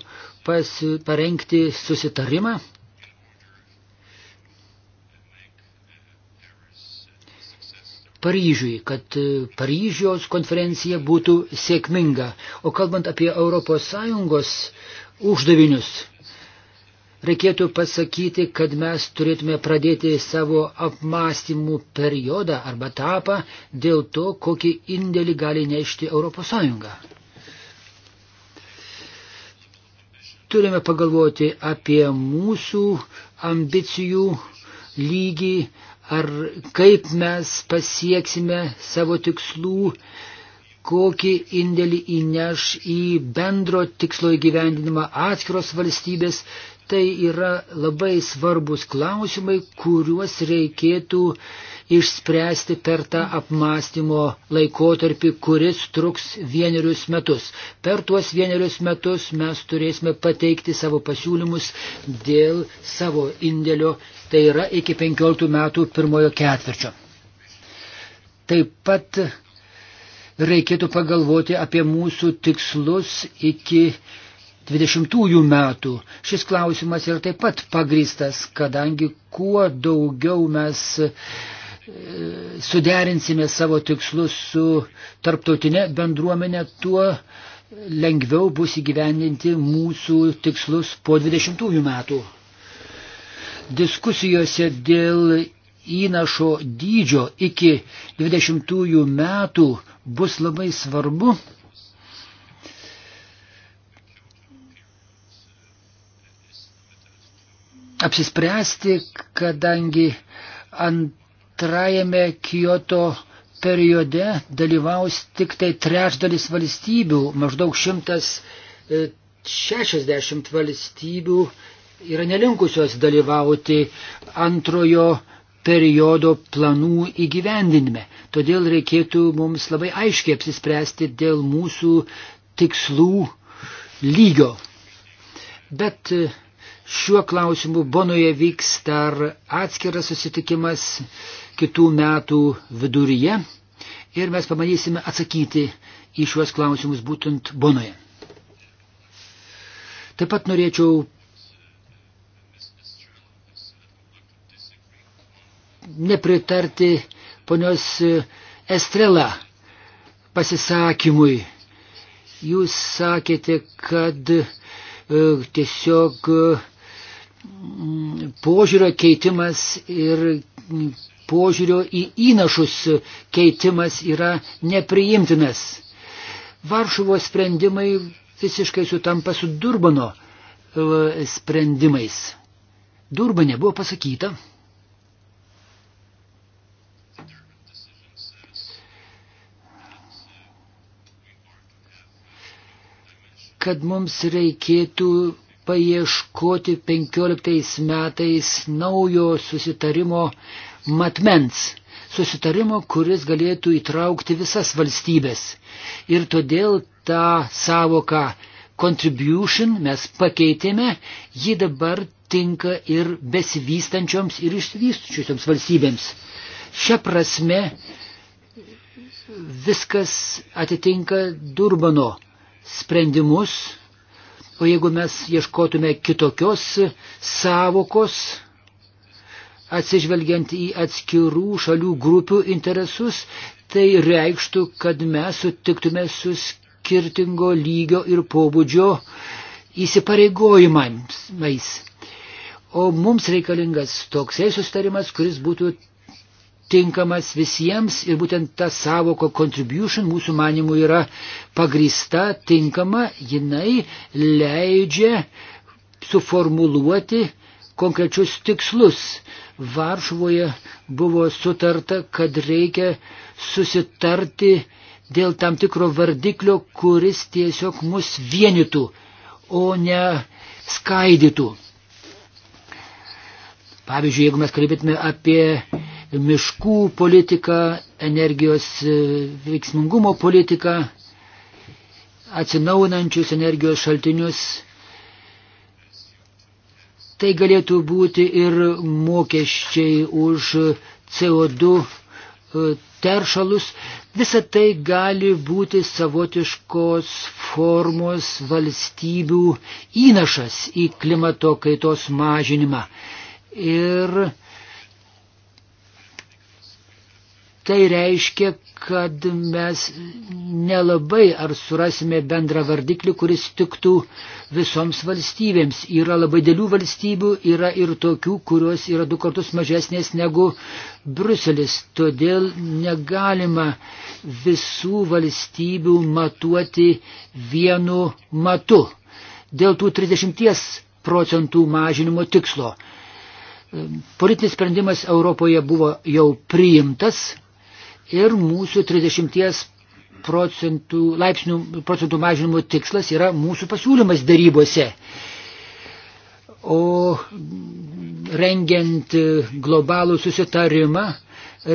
pasi, parengti susitarimą. Paryžiui, kad Paryžiaus konferencija būtų sėkminga. O kalbant apie ES uždavinius, reikėtų pasakyti, kad mes turėtume pradėti savo apmąstymų periodą arba etapą dėl to, kokį indėlį gali nešti ES. turime pagalvoti apie mūsų ambicijų lygį, ar kaip mes pasieksime savo tikslų, kokį indėlį įneš į bendro tikslo įgyvendinimą atskiros valstybės, tai yra labai svarbus klausimai, kuriuos reikėtų išspręsti per tą apmąstymo laikotarpį, kuris truks vienerius metus. Per tuos vienerius metus mes turėsime pateikti savo pasiūlymus dėl savo indėlio, tai yra iki 15 metų pirmojo ketvirčio. Taip pat reikėtų pagalvoti apie mūsų tikslus iki 20 metų. Šis klausimas yra taip pat pagristas, kadangi kuo daugiau mes e, suderinsime savo tikslus su tarptautinė bendruomenė, tuo lengviau bus įgyvendinti mūsų tikslus po 20 metų. Diskusijose dėl įnašo dydžio iki 20 metų bus labai svarbu apsispręsti, kadangi antrajame Kyoto periode dalyvaus tik tai trečdalis valstybių, maždaug 160 e, valstybių yra nelinkusios dalyvauti antrojo periodo planų įgyvendinime. Todėl reikėtų mums labai aiškiai apsispręsti dėl mūsų tikslų lygio. Bet e, Šiuo klausimu Bonoje vyks dar atskiras susitikimas kitų metų viduryje ir mes pamanysime atsakyti į šiuos klausimus būtent Bonoje. Taip pat norėčiau nepritarti ponios Estrela pasisakymui. Jūs sakėte, kad e, tiesiog požiūrio keitimas ir požiūrio į įnašus keitimas yra nepriimtinas. Varšuvos sprendimai visiškai sutampa su Durbano e, sprendimais. Durbane buvo pasakyta, kad mums reikėtų paieškoti 15 metais naujo susitarimo matmens. Susitarimo, kuris galėtų įtraukti visas valstybės. Ir todėl tą savoką contribution mes pakeitėme, ji dabar tinka ir besivystančioms ir išsivystučiosioms valstybėms. Šia prasme viskas atitinka Durbano sprendimus O jeigu mes ieškotume kitokios savokos, atsižvelgiant į atskirų šalių grupių interesus, tai reikštų, kad mes sutiktume su skirtingo lygio ir pobūdžio įsipareigojimais. O mums reikalingas toksai sustarimas, kuris būtų tinkamas visiems ir būtent ta savoka contribution mūsų manimų yra pagrįsta, tinkama, jinai leidžia suformuluoti konkrečius tikslus. Varšuvoje buvo sutarta, kad reikia susitarti dėl tam tikro vardiklio, kuris tiesiog mus vienytų, o ne skaidytų. Pavyzdžiui, jeigu mes kalbėtume apie miškų politiką, energijos e, veiksmingumo politiką, atsinaunančius energijos šaltinius. Tai galėtų būti ir mokesčiai už CO2 e, teršalus. Visa tai gali būti savotiškos formos valstybių įnašas į klimato kaitos mažinimą. Ir Tai reiškia, kad mes nelabai ar surasime bendrą vardiklį, kuris tiktų visoms valstybėms. Yra labai dėlių valstybių, yra ir tokių, kurios yra du kartus mažesnės negu Bruselis. Todėl negalima visų valstybių matuoti vienu matu. Dėl tų 30 procentų mažinimo tikslo. Politinis sprendimas Europoje buvo jau priimtas, ir mūsų 30 procentų, laipsnių, procentų mažinimo tikslas yra mūsų pasiūlymas darybose. O rengiant globalų susitarimą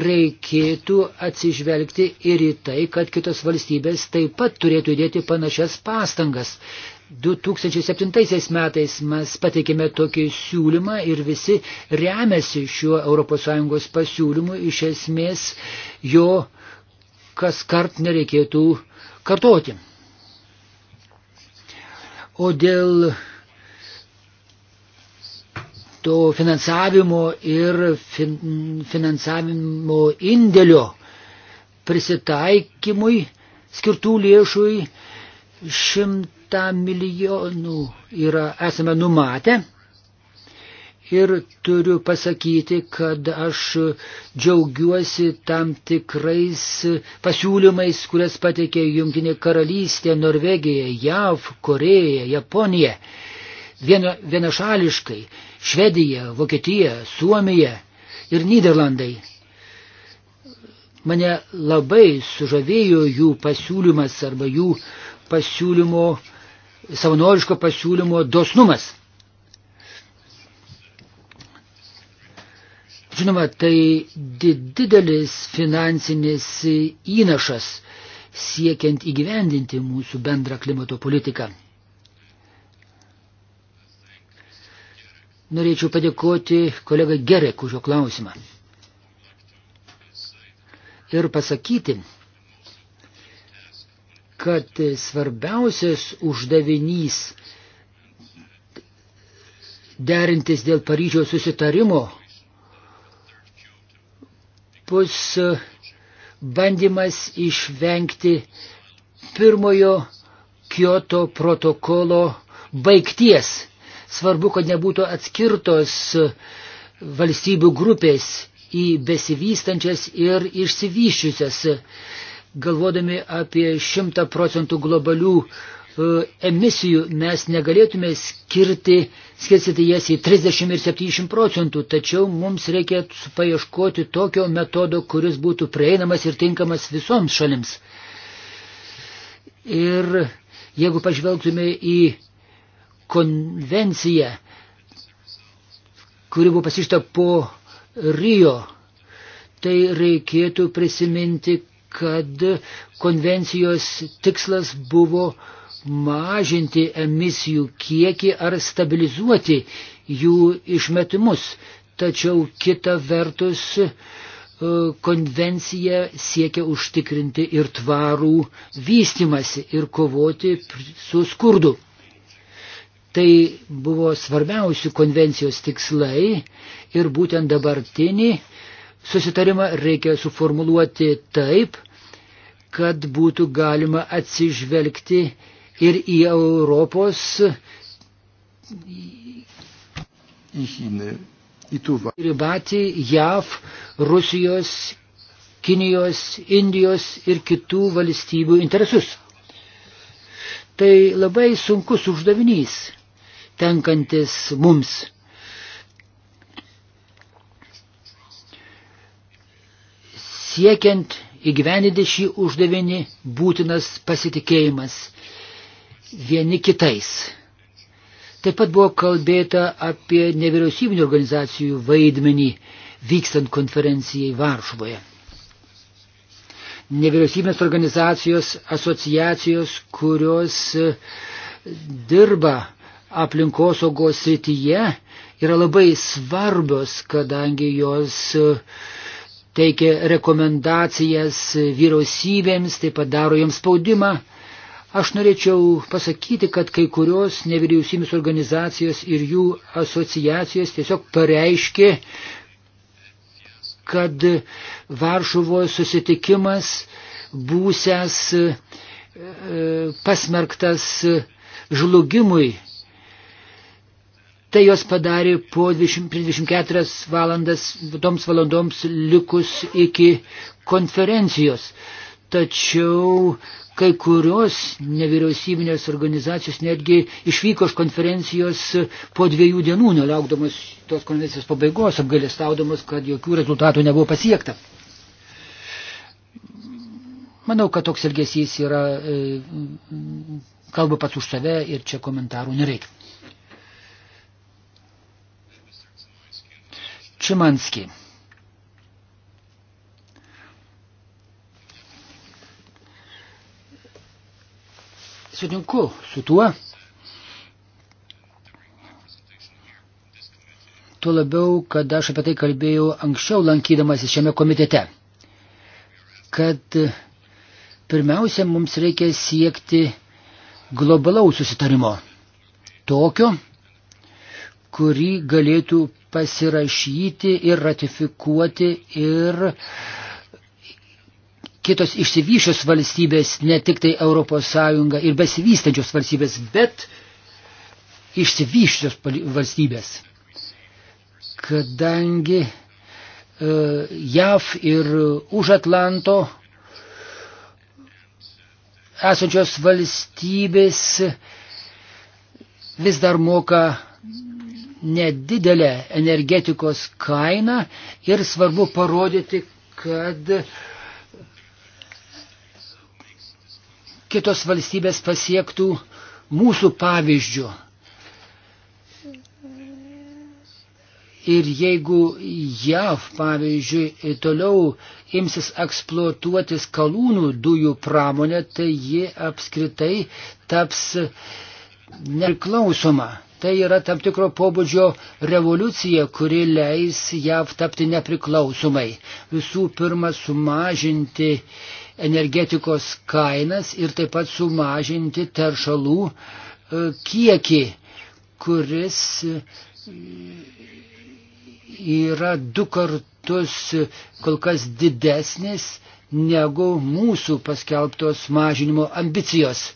reikėtų atsižvelgti ir į tai, kad kitos valstybės taip pat turėtų dėti panašias pastangas. 2007 metais mes pateikėme tokį siūlymą ir visi remiasi šiuo ES pasiūlymu, iš esmės jo kas kart nereikėtų kartoti. O dėl to finansavimo ir fin, finansavimo indėlio prisitaikymui skirtų lėšui šimt 100 milijonų yra, esame numatę. Ir turiu pasakyti, kad aš džiaugiuosi tam tikrais pasiūlymais, kurias pateikė Junktinė karalystė, Norvegija, JAV, Koreja, Japonija. Viena, vienašališkai Švedija, Vokietija, Suomija ir Niderlandai. Mane labai sužavėjo jų pasiūlymas arba jų pasiūlymo uh, savanoriško pasiūlymo dosnumas. Žinoma, tai didelis finansinis įnašas siekiant įgyvendinti mūsų bendrą klimato politiką. Norėčiau padėkoti kolegai Gerek už jo klausimą. Ir pasakyti, kad svarbiausias uždavinys derintis dėl Paryžiaus susitarimo bus bandymas išvengti pirmojo Kyoto protokolo baigties. Svarbu, kad nebūtų atskirtos valstybių grupės į besivystančias ir išsivyščiusias galvodami apie 100 procentų globalių e, emisijų mes negalėtume skirti, skirstyti jas į 30 ir 70 procentų, tačiau mums reikėtų paieškoti tokio metodo, kuris būtų prieinamas ir tinkamas visoms šalims. Ir jeigu pažvelgtume į konvenciją, kuri buvo pasišta po Rio, tai reikėtų prisiminti, kad konvencijos tikslas buvo mažinti emisijų kiekį ar stabilizuoti jų išmetimus. Tačiau kita vertus e, konvencija siekia užtikrinti ir tvarų vystimasi ir kovoti su skurdu. Tai buvo svarbiausi konvencijos tikslai ir būtent dabartinį susitarimą reikia suformuluoti taip, kad būtų galima atsižvelgti ir į Europos ribati JAV, Rusijos, Kinijos, Indijos ir kitų valstybių interesus. Tai labai sunkus uždavinys tenkantis mums. Siekiant įgyvenyti šį uždavinį būtinas pasitikėjimas vieni kitais. Taip pat buvo kalbėta apie nevyriausybinio organizacijų vaidmenį vykstant konferencijai Varšuvoje. Nevyriausybinės organizacijos, asociacijos, kurios e, dirba aplinkosaugos srityje, yra labai svarbios, kadangi jos uh, teikia rekomendacijas vyriausybėms, taip pat daro jiems spaudimą. Aš norėčiau pasakyti, kad kai kurios nevyriausybės organizacijos ir jų asociacijos tiesiog pareiškė, kad Varšuvoje susitikimas būsęs e, e, pasmerktas žlugimui Tai jos padarė po 20, 24 valandas, toms valandoms likus iki konferencijos. Tačiau kai kurios nevyriausybinės organizacijos netgi išvyko iš konferencijos po dviejų dienų, nelaukdamas tos konferencijos pabaigos, apgalėstaudamas, kad jokių rezultatų nebuvo pasiekta. Manau, kad toks elgesys yra, e, kalba pats už save ir čia komentarų nereikia. Čimanski. Sutinku su tuo. Tuo labiau, kad aš apie tai kalbėjau anksčiau lankydamasis šiame komitete. Kad e, pirmiausia, mums reikia siekti globalaus susitarimo. Tokio, kurį galėtų pasirašyti ir ratifikuoti ir kitos išsivyšios valstybės, ne tik tai ES ir besivystančios valstybės, bet išsivyščios valstybės. Kadangi e, JAV ir už Atlanto esančios valstybės vis dar moka nedidelę energetikos kainą ir svarbu parodyti, kad kitos valstybės pasiektų mūsų pavyzdžių. Ir jeigu JAV, pavyzdžiui, toliau imsis eksploatuoti skalūnų dujų pramonę, tai ji apskritai taps nepriklausoma. Tai yra tam tikro pobūdžio revoliucija, kuri leis JAV tapti nepriklausomai. Visų pirma, sumažinti energetikos kainas ir taip pat sumažinti teršalų e, kiekį, kuris e, yra du kartus kol kas didesnis negu mūsų paskelbtos mažinimo ambicijos.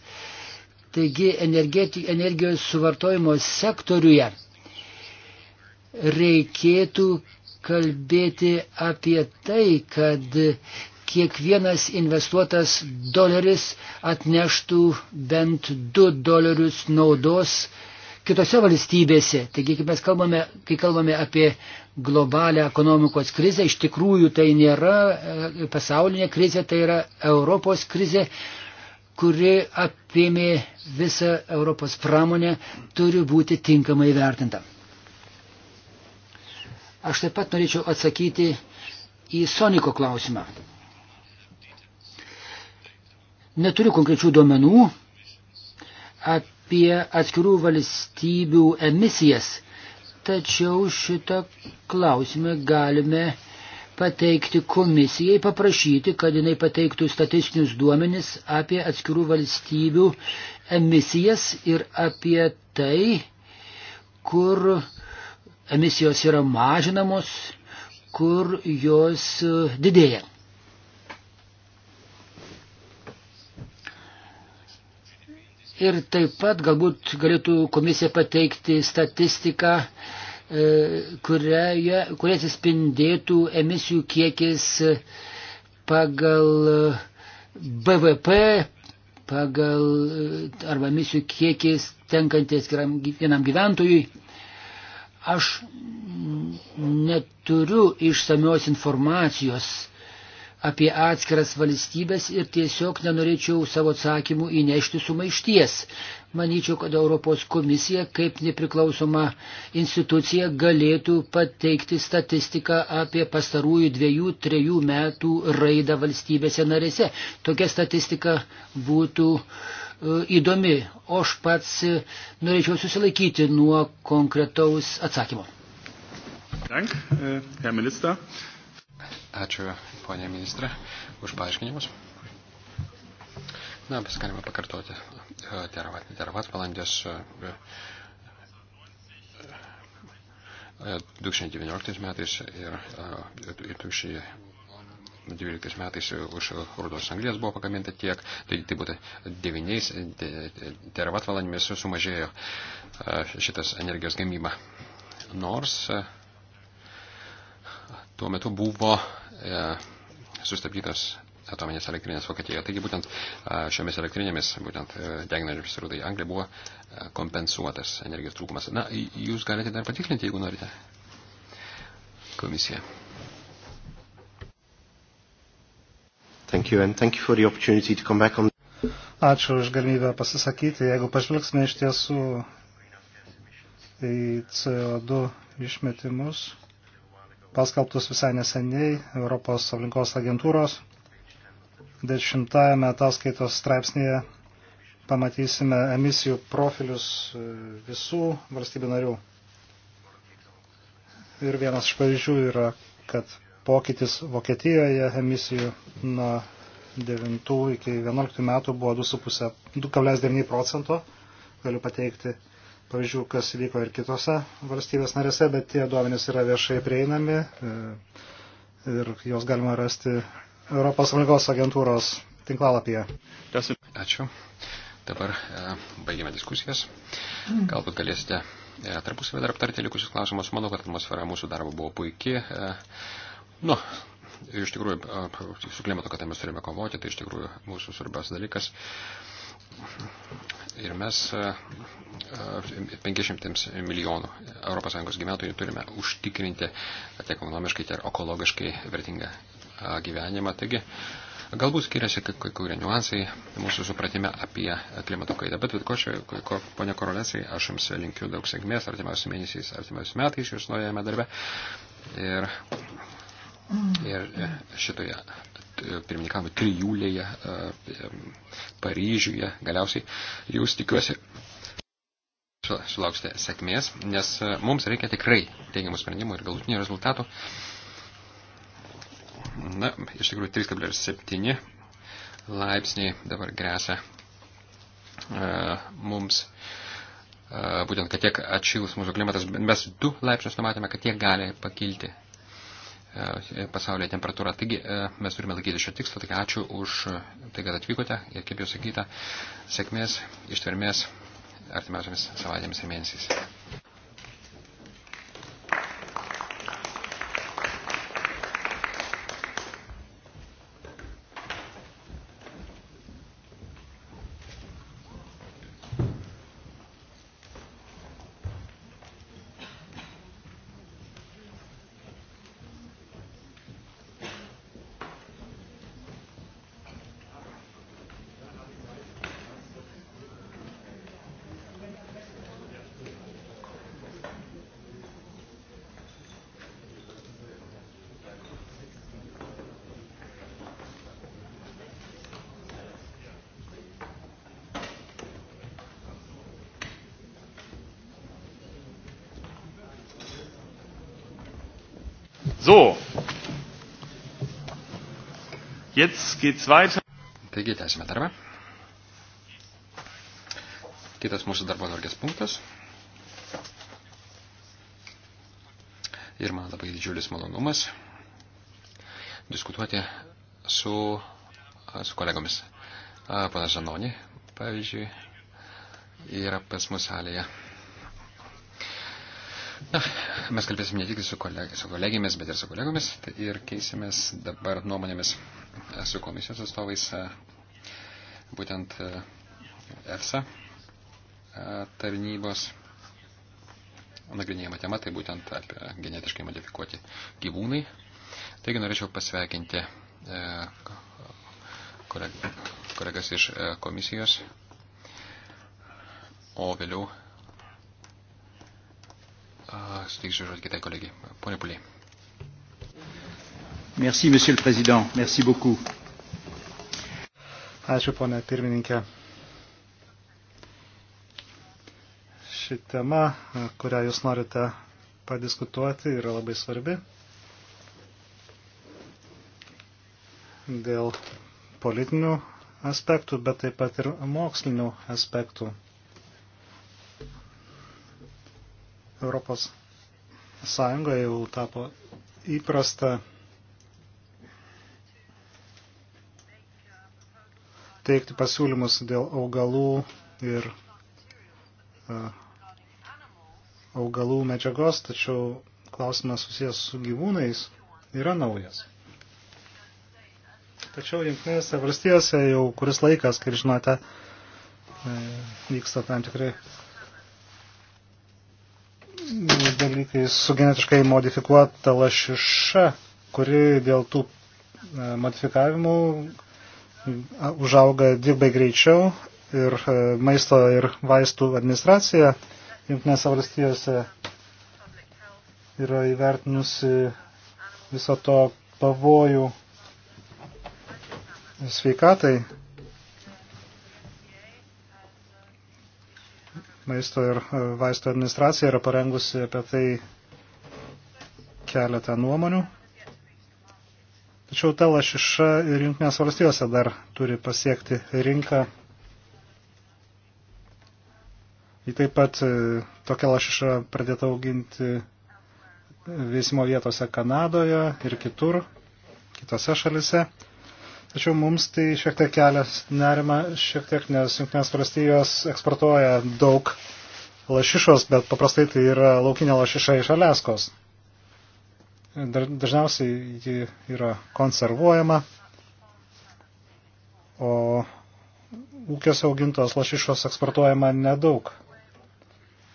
Taigi energijos suvartojimo sektoriuje reikėtų kalbėti apie tai, kad kiekvienas investuotas doleris atneštų bent 2 dolerius naudos kitose valstybėse. Taigi, kai mes kalbame, kai kalbame apie globalią ekonomikos krizę, iš tikrųjų tai nėra e, pasaulinė krizė, tai yra Europos krizė, kuri apėmė visą Europos pramonę, turi būti tinkamai vertinta. Aš taip pat norėčiau atsakyti į Soniko klausimą. Neturiu konkrečių duomenų apie atskirų valstybių emisijas, tačiau šitą klausimą galime pateikti komisijai, paprašyti, kad jinai pateiktų statistinius duomenis apie atskirų valstybių emisijas ir apie tai, kur emisijos yra mažinamos, kur jos uh, didėja. Ir taip pat galbūt galėtų komisija pateikti statistiką E, kurioje, kurie atsispindėtų emisijų kiekis pagal BVP pagal e, arba emisijų kiekis tenkantis vienam gyventojui. Aš neturiu išsamios informacijos apie atskiras valstybės ir tiesiog nenorėčiau savo atsakymų įnešti sumaišties. Manyčiau, kad Europos komisija kaip nepriklausoma institucija galėtų pateikti statistiką apie pastarųjų dviejų, trejų metų raidą valstybėse narėse. Tokia statistika būtų e, įdomi, o aš pats e, norėčiau susilaikyti nuo konkretaus atsakymo. Dank, e, Herr Minister. Ačiū, ponė ministra, už paaiškinimus. Na, mes galime pakartoti e, teravat, teravat valandės 2019 metais ir, e, ir 2012 metais už rudos anglės buvo pagaminta tiek, tai, tai būtų 9 teravat valandėmis sumažėjo e, šitas energijos gamyba. Nors tuo metu buvo e, sustabdytas atominės elektrinės Vokietijoje. Taigi būtent e, šiomis elektrinėmis, būtent e, deginančios rūdai Anglija buvo e, kompensuotas energijos trūkumas. Na, jūs galite dar patikslinti, jeigu norite. Komisija. Thank you and thank you for the opportunity to come back on. Ačiū už galimybę pasisakyti. Jeigu pažvelgsime iš tiesų į CO2 išmetimus, paskalbtus visai neseniai Europos aplinkos agentūros. Dešimtajame ataskaitos straipsnėje pamatysime emisijų profilius e, visų valstybių narių. Ir vienas iš pavyzdžių yra, kad pokytis Vokietijoje emisijų nuo 9 iki 11 metų buvo 2,9 procento. Galiu pateikti pavyzdžių, kas vyko ir kitose valstybės narėse, bet tie duomenys yra viešai prieinami e, ir juos galima rasti Europos valgos agentūros tinklalapyje. Ačiū. Dabar e, baigėme diskusijas. Galbūt galėsite e, tarpusavį dar aptarti likusius klausimus. Manau, kad atmosfera mūsų darbo buvo puikiai. E, nu, iš tikrųjų, e, su klimato kaita mes turime kovoti, tai iš tikrųjų mūsų svarbiausias dalykas. E, Ir mes 500 e, e, milijonų ES gyventojų turime užtikrinti tiek ekonomiškai, tiek ekologiškai vertingą e, gyvenimą. Taigi, galbūt skiriasi kai kurie niuansai mūsų supratime apie klimato kaitą. Bet, bet ko čia, ko, ponia Korolesai, aš jums linkiu daug sėkmės artimiausiais mėnesiais, artimiausiais metais jūs naujame darbe. Ir, ir šitoje pirmininkavo trijulėje e, e, Paryžiuje, galiausiai jūs tikiuosi sulauksite sėkmės, nes e, mums reikia tikrai teigiamų sprendimų ir galutinių rezultatų. Na, iš tikrųjų 3,7 laipsniai dabar grėsia mums būtent, kad tiek atšilus mūsų klimatas, mes 2 laipsnius numatėme, kad tiek gali pakilti E, pasaulyje temperatūra. Taigi e, mes turime laikyti šio tikslo, taigi ačiū už tai, kad atvykote ir, kaip jau sakyta, sėkmės, ištvermės artimiausiamis savaitėmis ir mėnesiais. Jetzt geht's weiter. Taigi, tęsime darbą. Kitas mūsų darbo tvarkės punktas. Ir man labai didžiulis malonumas diskutuoti su, su kolegomis. Pana Žanoni, pavyzdžiui, yra pas mus salėje. Na, mes kalbėsim ne tik su, koleg su kolegėmis, bet ir su kolegomis tai ir keisimės dabar nuomonėmis su komisijos atstovais, e, būtent e, EFSA e, tarnybos nagrinėjama tema, tai būtent apie genetiškai modifikuoti gyvūnai. Taigi norėčiau pasveikinti kolegas iš komisijos, o vėliau suteiksiu žodį kitai kolegijai. Pone Puliai. Merci, Monsieur le Président. Merci beaucoup. Ačiū, ponė pirmininkė. Ši tema, kurią jūs norite padiskutuoti, yra labai svarbi dėl politinių aspektų, bet taip pat ir mokslinių aspektų. Europos Sąjunga jau tapo įprasta teikti pasiūlymus dėl augalų ir e, augalų medžiagos, tačiau klausimas susijęs su gyvūnais yra naujas. Tačiau jungtinėse valstijose jau kuris laikas, kaip žinote, e, vyksta tam tikrai dalykai su genetiškai modifikuota lašiša, kuri dėl tų e, modifikavimų užauga dvigubai greičiau ir e, maisto ir vaistų administracija Junktinėse valstijose yra įvertinusi viso to pavojų sveikatai. Maisto ir e, vaisto administracija yra parengusi apie tai keletą nuomonių. Tačiau ta lašiša ir Junktinės valstijose dar turi pasiekti rinką. Į taip pat e, tokia lašiša pradėta auginti veisimo vietose Kanadoje ir kitur, kitose šalise. Tačiau mums tai šiek tiek kelias nerima, šiek tiek, nes Junktinės valstijos eksportuoja daug lašišos, bet paprastai tai yra laukinė lašiša iš Aleskos. Dažniausiai ji yra konservuojama, o ūkiuose augintos lašišos eksportuojama nedaug.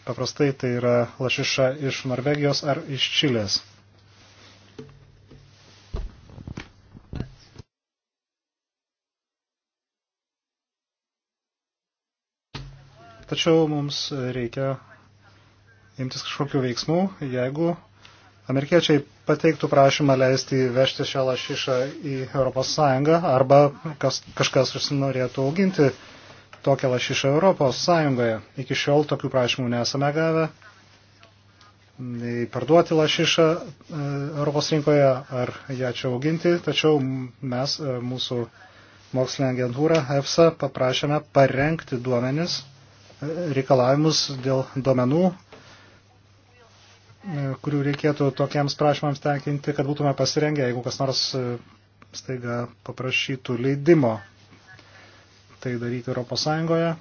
Paprastai tai yra lašiša iš Norvegijos ar iš Čilės. Tačiau mums reikia imtis kažkokių veiksmų, jeigu amerikiečiai pateiktų prašymą leisti vežti šią lašišą į ES arba kas, kažkas užsinorėtų auginti tokią lašišą ES. Iki šiol tokių prašymų nesame gavę. Nei parduoti lašišą e, Europos rinkoje ar ją čia auginti, tačiau mes, e, mūsų mokslinė agentūra EFSA, paprašėme parengti duomenis e, reikalavimus dėl duomenų, E, kurių reikėtų tokiems prašymams tenkinti, kad būtume pasirengę, jeigu kas nors e, staiga paprašytų leidimo tai daryti Europos Sąjungoje.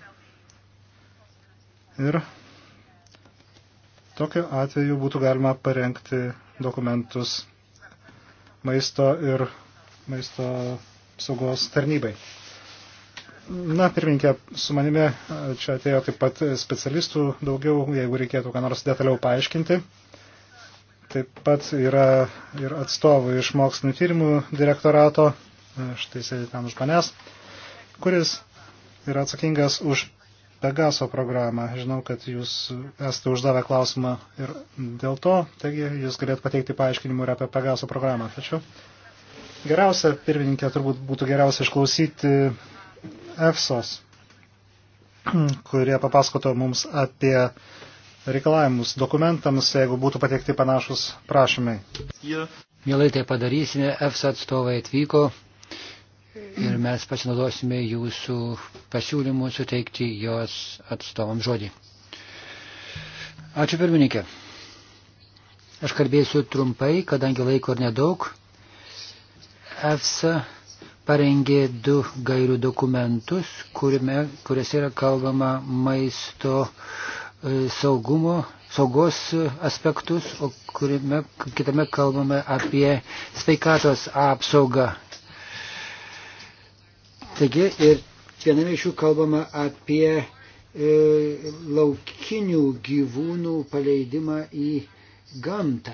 Ir tokiu atveju būtų galima parengti dokumentus maisto ir maisto saugos tarnybai. Na, pirminkė, su manimi e, čia atėjo taip pat specialistų daugiau, jeigu reikėtų ką nors detaliau paaiškinti. Taip pat yra ir atstovų iš mokslinio tyrimų direktorato, e, štai sėdė ten už manęs, kuris yra atsakingas už Pegaso programą. Žinau, kad jūs esate uždavę klausimą ir dėl to, taigi jūs galėt pateikti paaiškinimų ir apie Pegaso programą. Tačiau geriausia, pirmininkė, turbūt būtų geriausia išklausyti EFSOS, kurie papasakoto mums apie reikalavimus dokumentams, jeigu būtų pateikti panašus prašymai. Mielai tai padarysime, EFSA atstovai atvyko ir mes pasinaudosime jūsų pasiūlymų suteikti jos atstovam žodį. Ačiū pirmininkė. Aš kalbėsiu trumpai, kadangi laiko ir nedaug. EFSA parengė du gairių dokumentus, kurime, kuriuose yra kalbama maisto e, saugumo, saugos aspektus, o kuriame, kitame kalbame apie sveikatos apsaugą. Taigi ir viename iš jų kalbama apie e, laukinių gyvūnų paleidimą į gamtą.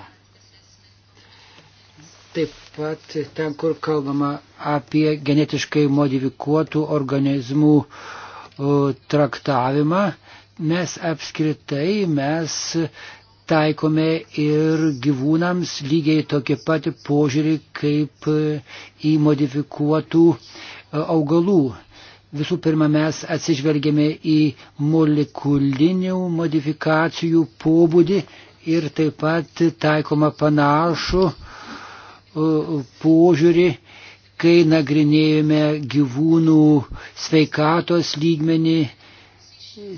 Taip pat ten, kur kalbama apie genetiškai modifikuotų organizmų traktavimą, mes apskritai mes taikome ir gyvūnams lygiai tokį patį požiūrį kaip į modifikuotų augalų. Visų pirma, mes atsižvelgėme į molekulinių modifikacijų pobūdį ir taip pat taikoma panašų uh, požiūrį, kai nagrinėjome gyvūnų sveikatos lygmenį,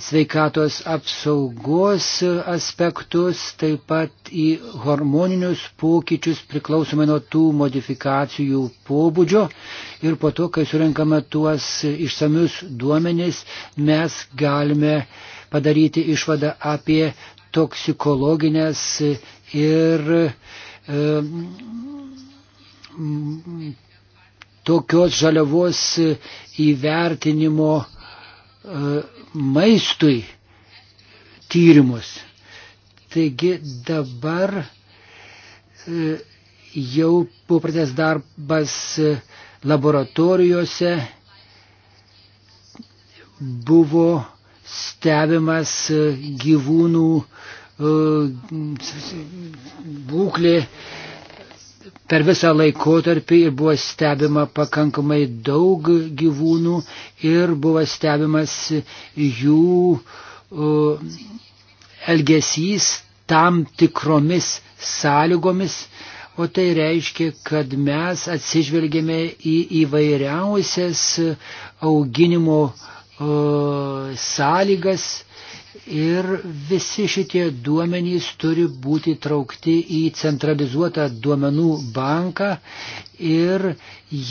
sveikatos apsaugos aspektus, taip pat į hormoninius pokyčius priklausomai nuo tų modifikacijų pobūdžio. Ir po to, kai surinkame tuos išsamius duomenis, mes galime padaryti išvadą apie toksikologinės ir e, tokios žaliavos įvertinimo e, maistui tyrimus. Taigi dabar e, jau buvo pradės darbas laboratorijose, buvo stebimas e, gyvūnų būklė, per visą laikotarpį ir buvo stebima pakankamai daug gyvūnų ir buvo stebimas jų elgesys tam tikromis sąlygomis, o tai reiškia, kad mes atsižvelgėme į įvairiausias auginimo sąlygas, ir visi šitie duomenys turi būti traukti į centralizuotą duomenų banką ir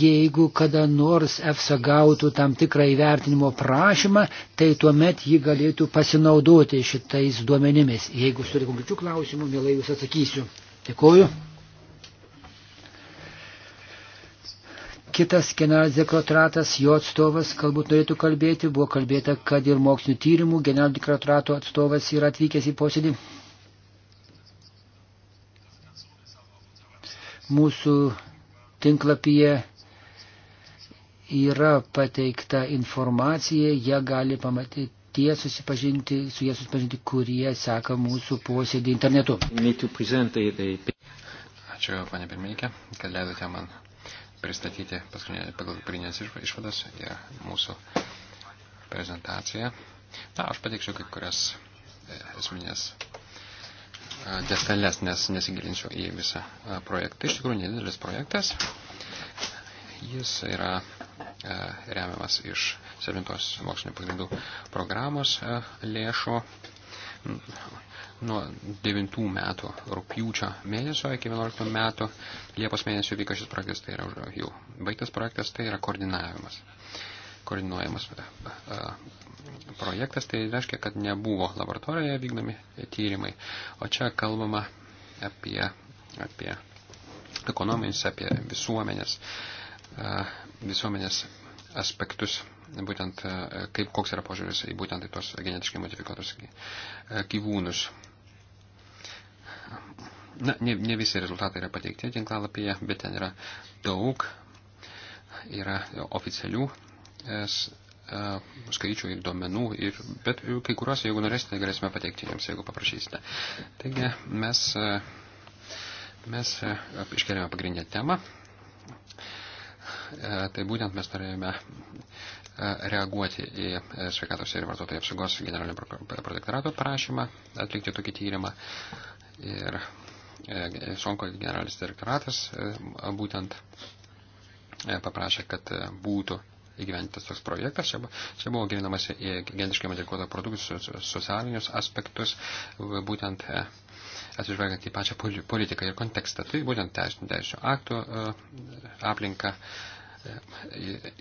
jeigu kada nors EFSA gautų tam tikrą įvertinimo prašymą, tai tuomet ji galėtų pasinaudoti šitais duomenimis. Jeigu turi konkrečių klausimų, mielai jūs atsakysiu. Dėkuoju. Kitas generalinis dekretratas, jo atstovas, galbūt norėtų kalbėti, buvo kalbėta, kad ir mokslinio tyrimų generalinio dekretrato atstovas yra atvykęs į posėdį. Mūsų tinklapyje yra pateikta informacija, jie gali pamatyti tie susipažinti, su jie susipažinti, kurie seka mūsų posėdį internetu. Ačiū, panė pirmininkė, kad leidote man pristatyti pagal pagrindinės išvadas ir mūsų prezentaciją. Na, aš pateiksiu kai kurias e, esminės e, detalės, nes nesigilinsiu į visą e, projektą. Iš tikrųjų, nedidelis projektas. Jis yra remiamas iš 7 mokslinio pagrindų programos lėšų. Nuo 9 metų rūpjūčio mėnesio iki 11 metų Liepos mėnesio vyko šis projektas, tai yra jau baigtas projektas, tai yra koordinavimas. Koordinuojamas e, e, projektas, tai reiškia, kad nebuvo laboratorijoje vykdomi tyrimai, o čia kalbama apie, apie ekonominius, apie visuomenės, e, visuomenės aspektus, būtent kaip koks yra požiūris į būtent į tos genetiškai modifikuotus gyvūnus. Na, ne, ne visi rezultatai yra pateikti tinklalapyje, bet ten yra daug, yra oficialių es, e, skaičių ir duomenų, ir, bet kai kuriuos, jeigu norėsite, galėsime pateikti jums, jeigu paprašysite. Taigi mes, e, mes e, iškeliame pagrindinę temą. E, tai būtent mes norėjome reaguoti į sveikatos ir vartotojų apsaugos generalinio protektorato prašymą atlikti tokį tyrimą. Ir Sonko e, generalinis direktoratas e, būtent e, paprašė, kad būtų įgyventas toks projektas. Čia, čia buvo gilinamasi į gentiškai modifikuotą produktų socialinius aspektus, būtent atsižvelgiant į pačią politiką ir kontekstą. Tai būtent teisinių teisų aktų aplinka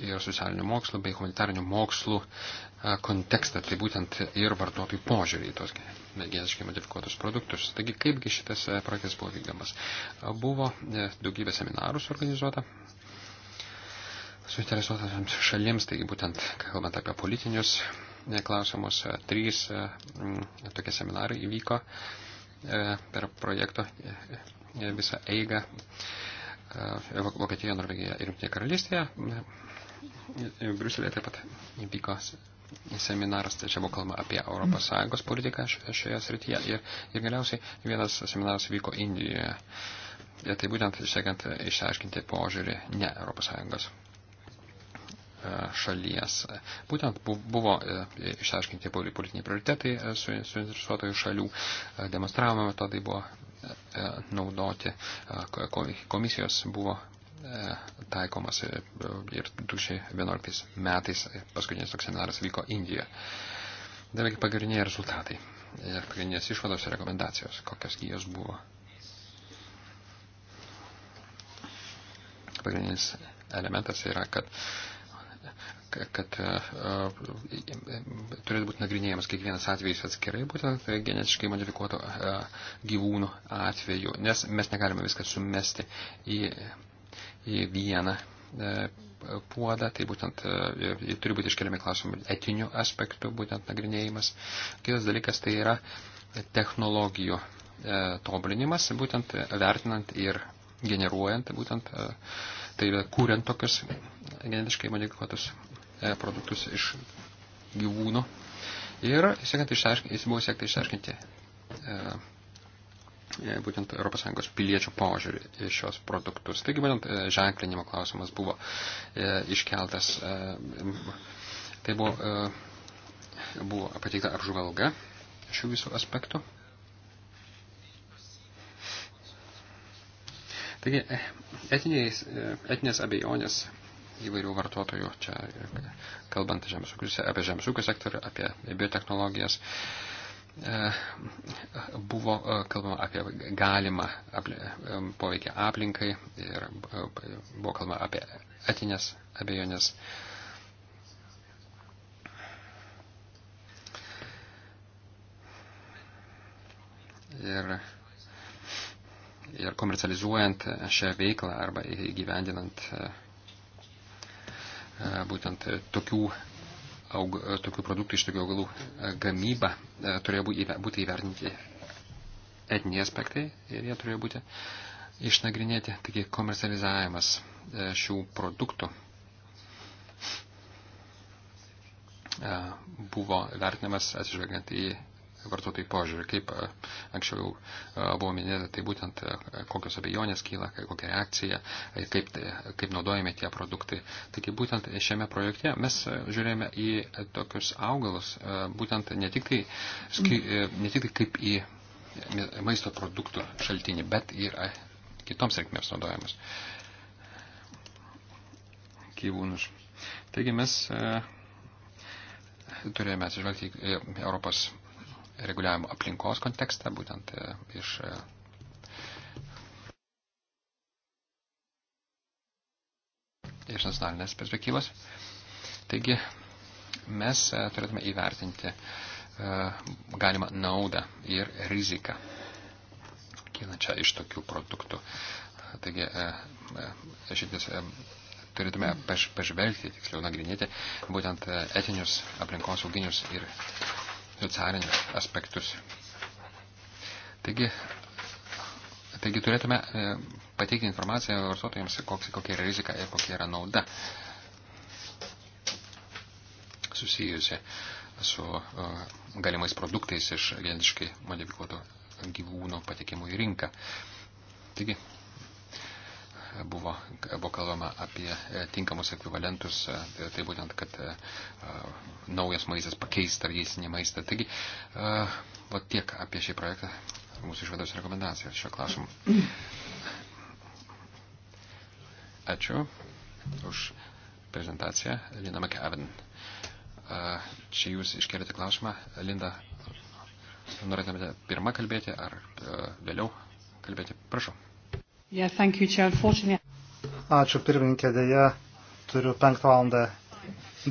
ir socialinių mokslų bei humanitarinių mokslų e, kontekstą, tai būtent ir vartotojų požiūrį į tos genetiškai modifikuotus produktus. Taigi, kaipgi šitas e, projektas buvo vykdomas? Buvo e, daugybė seminarų suorganizuota suinteresuotams šalims, taigi būtent kalbant apie politinius klausimus, trys tokie seminarai įvyko per projekto visą eigą. E, Vokietijoje, Norvegijoje ir Junktinėje karalystėje. Briuselėje taip pat įvyko seminaras, tai čia buvo kalba apie ES politiką šioje srityje ir, ir galiausiai vienas seminaras vyko Indijoje. Ir tai būtent, siekiant išsiaiškinti požiūrį ne ES e, šalies. Būtent buvo e, išaiškinti politiniai prioritetai suinteresuotojų šalių, demonstravimo metodai buvo E, naudoti. E, komisijos buvo e, taikomas ir 2011 metais paskutinis toks seminaras vyko Indijoje. Dargi pagrindiniai rezultatai ir pagrindinės išvados ir rekomendacijos, kokios jos buvo. Pagrindinis elementas yra, kad kad e, e, turėtų būti nagrinėjamas kiekvienas atvejis atskirai, būtent tai genetiškai modifikuoto e, gyvūnų atveju, nes mes negalime viską sumesti į, į vieną puodą, tai būtent turi būti iškeliami klausimai etinių aspektų, būtent nagrinėjimas. Kitas dalykas tai yra technologijų tobulinimas, būtent vertinant ir generuojant, būtent tai yra kūrent tokius genetiškai modifikuotus E, produktus iš gyvūno. Ir siekiant išsiaiškinti, jis buvo siekta išsiaiškinti e, e, būtent ES piliečių požiūrį į šios produktus. Taigi būtent ženklinimo klausimas buvo iškeltas. Tai buvo, buvo pateikta apžvalga šių visų aspektų. Taigi etinės, etinės abejonės įvairių vartotojų, čia kalbant žemės ūkius, apie žemės ūkio sektorių, apie biotehnologijas, e, buvo e, kalbama apie galimą e, poveikį aplinkai ir buvo kalbama apie etinės abejonės. Ir ir komercializuojant šią veiklą arba įgyvendinant E, būtent tokių, aug, e, tokių produktų iš tokių augalų e, gamyba turėjo būti įvertinti etiniai aspektai ir jie turėjo būti išnagrinėti, taigi komercializavimas šių produktų buvo vertinamas atsižvelgiant į vartotojų požiūrį, kaip e, anksčiau e, buvo minėta, tai būtent e, kokios abejonės kyla, kokia reakcija, kaip, tai, kaip naudojami tie produktai. Taigi būtent šiame projekte mes žiūrėjome į tokius augalus, būtent ne tik tai, ne tik tai kaip į maisto produktų šaltinį, bet ir kitoms reikmėms naudojamas gyvūnus. Taigi mes turėjome atsižvelgti į Europos reguliavimo aplinkos kontekstą, būtent e, iš. E, iš nacionalinės perspektyvos. Taigi mes e, turėtume įvertinti galima naudą ir riziką kylančią iš tokių produktų. Taigi, šitis turėtume pažvelgti, tiksliau nagrinėti, būtent etinius aplinkosauginius ir socialinius aspektus. Taigi, taigi turėtume e, pateikti informaciją vartotojams, koks, kokia yra rizika ir kokia yra nauda susijusi su e, galimais produktais iš genetiškai modifikuoto gyvūno patekimų į rinką. Taigi, buvo, buvo kalbama apie e, tinkamus ekvivalentus, e, tai, tai būtent, kad e, naujas maistas pakeis tradicinį maistą. Taigi, va tiek apie šį projektą, mūsų išvados rekomendacijas šio klausimu. Ačiū už prezentaciją, Lina McAvin. Čia jūs iškelėte klausimą, Linda, norėtumėte pirmą kalbėti ar vėliau kalbėti? Prašau. Yeah, thank you, Chair. Unfortunately... Ačiū pirmininkė, dėja turiu 5 valandą,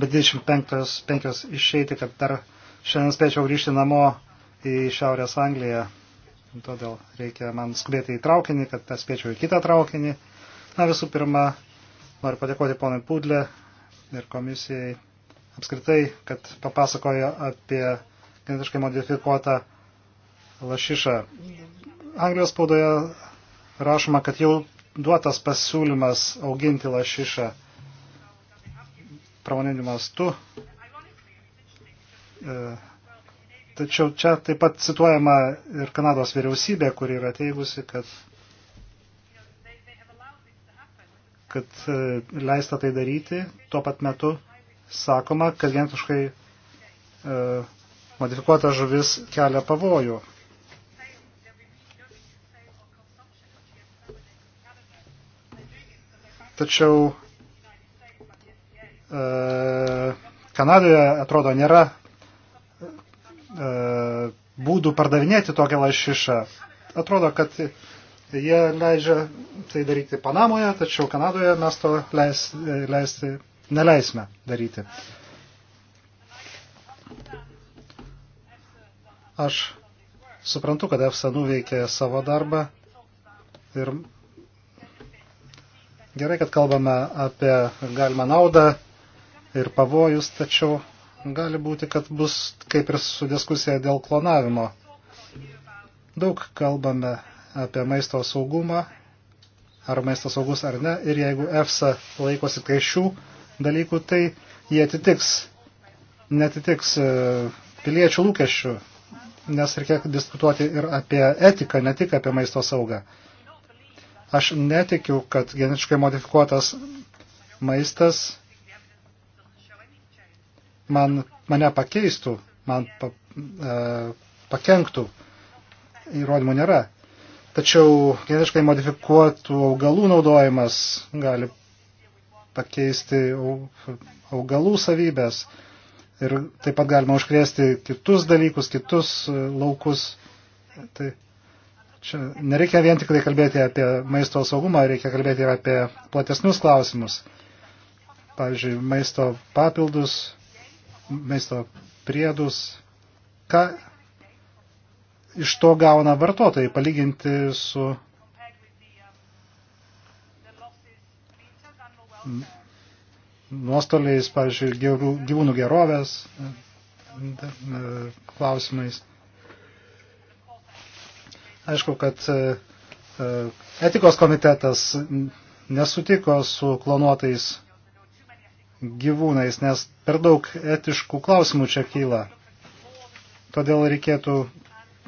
bet 25 išeiti, kad dar šiandien spėčiau grįžti namo į Šiaurės Angliją. Todėl reikia man skubėti į traukinį, kad spėčiau į kitą traukinį. Na visų pirma, noriu padėkoti ponui Pudlė ir komisijai apskritai, kad papasakojo apie genetiškai modifikuotą lašišą. Anglijos spaudoje rašoma, kad jau duotas pasiūlymas auginti lašišą pramoniniu mastu. E, tačiau čia taip pat cituojama ir Kanados vyriausybė, kuri yra teigusi, kad, kad e, leista tai daryti. Tuo pat metu sakoma, kad genetiškai e, modifikuota žuvis kelia pavojų. Tačiau e, Kanadoje, atrodo, nėra e, būdų pardavinėti tokią lašišą. Atrodo, kad jie leidžia tai daryti Panamoje, tačiau Kanadoje mes to leis, leisti, neleisime daryti. Aš suprantu, kad EFSA nuveikė savo darbą ir Gerai, kad kalbame apie galimą naudą ir pavojus, tačiau gali būti, kad bus kaip ir su diskusija dėl klonavimo. Daug kalbame apie maisto saugumą, ar maistas saugus ar ne, ir jeigu EFSA laikosi kai šių dalykų, tai jie atitiks, netitiks e, piliečių lūkesčių, nes reikia diskutuoti ir apie etiką, ne tik apie maisto saugą. Aš netikiu, kad genetiškai modifikuotas maistas man, mane pakeistų, man pa, e, pakenktų. Įrodymų nėra. Tačiau genetiškai modifikuotų augalų naudojimas gali pakeisti augalų savybės ir taip pat galima užkrėsti kitus dalykus, kitus e, laukus. Tai Čia nereikia vien tik tai kalbėti apie maisto saugumą, reikia kalbėti ir apie platesnius klausimus. Pavyzdžiui, maisto papildus, maisto priedus. Ką iš to gauna vartotojai palyginti su nuostoliais, pavyzdžiui, gyvūnų gerovės klausimais. Aišku, kad e, e, etikos komitetas nesutiko su klonuotais gyvūnais, nes per daug etiškų klausimų čia kyla. Todėl reikėtų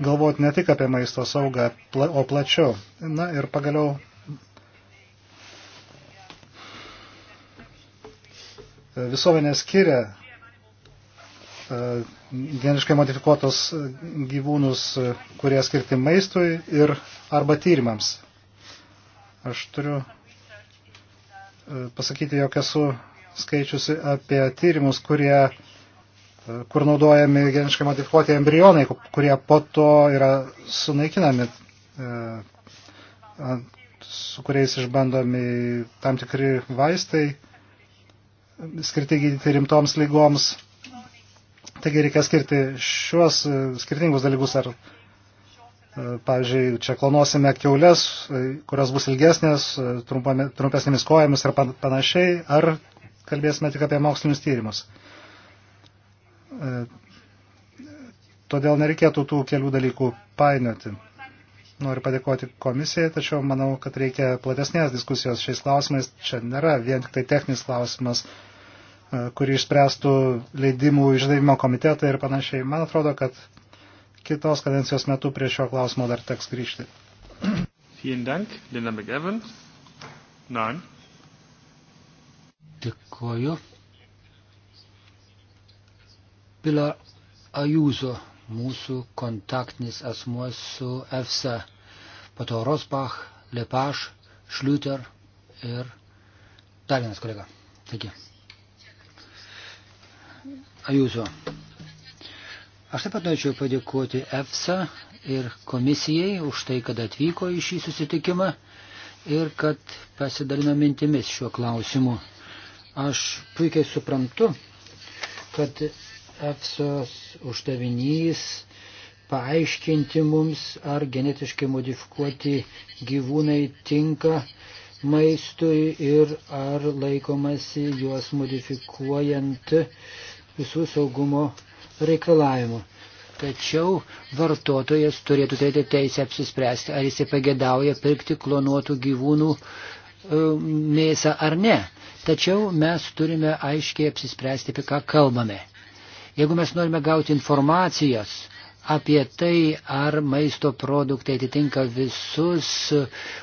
galvoti ne tik apie maisto saugą, o plačiau. Na ir pagaliau. E, visuomenė skiria geniškai modifikuotos gyvūnus, kurie skirti maistui ir arba tyrimams. Aš turiu e, pasakyti, jog esu skaičiusi apie tyrimus, kurie, e, kur naudojami geniškai modifikuoti embrionai, kurie po to yra sunaikinami, e, su kuriais išbandomi tam tikri vaistai, skirti gydyti rimtoms lygoms Taigi reikia skirti šiuos e, skirtingus dalykus ar e, Pavyzdžiui, čia klonosime keulės, e, kurios bus ilgesnės, trumpesnėmis kojomis ir panašiai, ar kalbėsime tik apie mokslinius tyrimus. Todėl nereikėtų tų kelių dalykų painioti. Noriu padėkoti komisijai, tačiau manau, kad reikia platesnės diskusijos šiais klausimais. Čia nėra vien tik tai techninis klausimas, E, kurį išspręstų leidimų išdavimo komitetai ir panašiai. Man atrodo, kad kitos kadencijos metu prie šio klausimo dar teks grįžti. Vielen Dank, Linda McEwan. Nein. Dėkoju. Pilar Ajuso, mūsų kontaktinis asmuo su EFSA, pato Rosbach, Lepaš, Šliuter ir dar vienas kolega. Taigi. Ajuzo. Aš taip pat norėčiau padėkoti EFSA ir komisijai už tai, kad atvyko į šį susitikimą ir kad pasidalino mintimis šiuo klausimu. Aš puikiai suprantu, kad EFSOS uždavinys paaiškinti mums, ar genetiškai modifikuoti gyvūnai tinka maistui ir ar laikomasi juos modifikuojant visų saugumo reikalavimų. Tačiau vartotojas turėtų turėti teisę apsispręsti, ar jisai pagėdauja pirkti klonuotų gyvūnų e, mėsą ar ne. Tačiau mes turime aiškiai apsispręsti, apie ką kalbame. Jeigu mes norime gauti informacijos apie tai, ar maisto produktai atitinka visus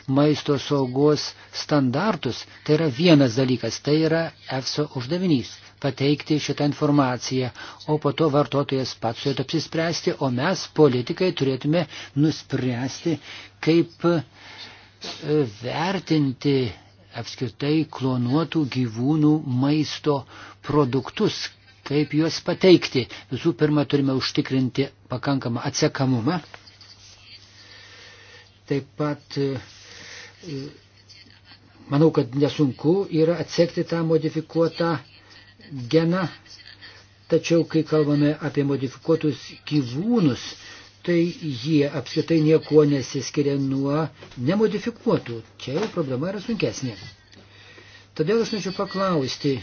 maisto saugos standartus, tai yra vienas dalykas, tai yra EFSO uždavinys pateikti šitą informaciją, o po to vartotojas pats turėtų apsispręsti, o mes, politikai, turėtume nuspręsti, kaip e, vertinti apskritai klonuotų gyvūnų maisto produktus, kaip juos pateikti. Visų pirma, turime užtikrinti pakankamą atsekamumą. Taip pat e, e, manau, kad nesunku yra atsekti tą modifikuotą geną, tačiau kai kalbame apie modifikuotus gyvūnus, tai jie apskritai niekuo nesiskiria nuo nemodifikuotų. Čia jau problema yra sunkesnė. Todėl aš norėčiau paklausti,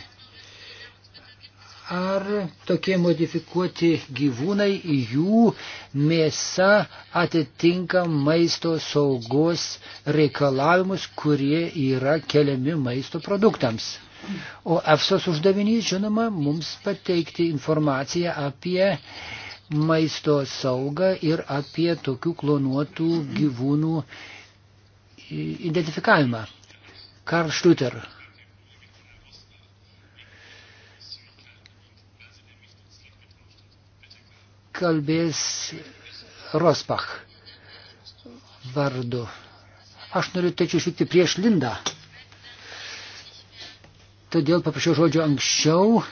ar tokie modifikuoti gyvūnai, jų mėsa atitinka maisto saugos reikalavimus, kurie yra keliami maisto produktams. O EFSOS uždavinys, žinoma, mums pateikti informaciją apie maisto saugą ir apie tokių klonuotų gyvūnų identifikavimą. Karl Schluter. Kalbės Rospach vardu. Aš noriu tačiau išvykti prieš Lindą todėl paprašiau žodžio anksčiau,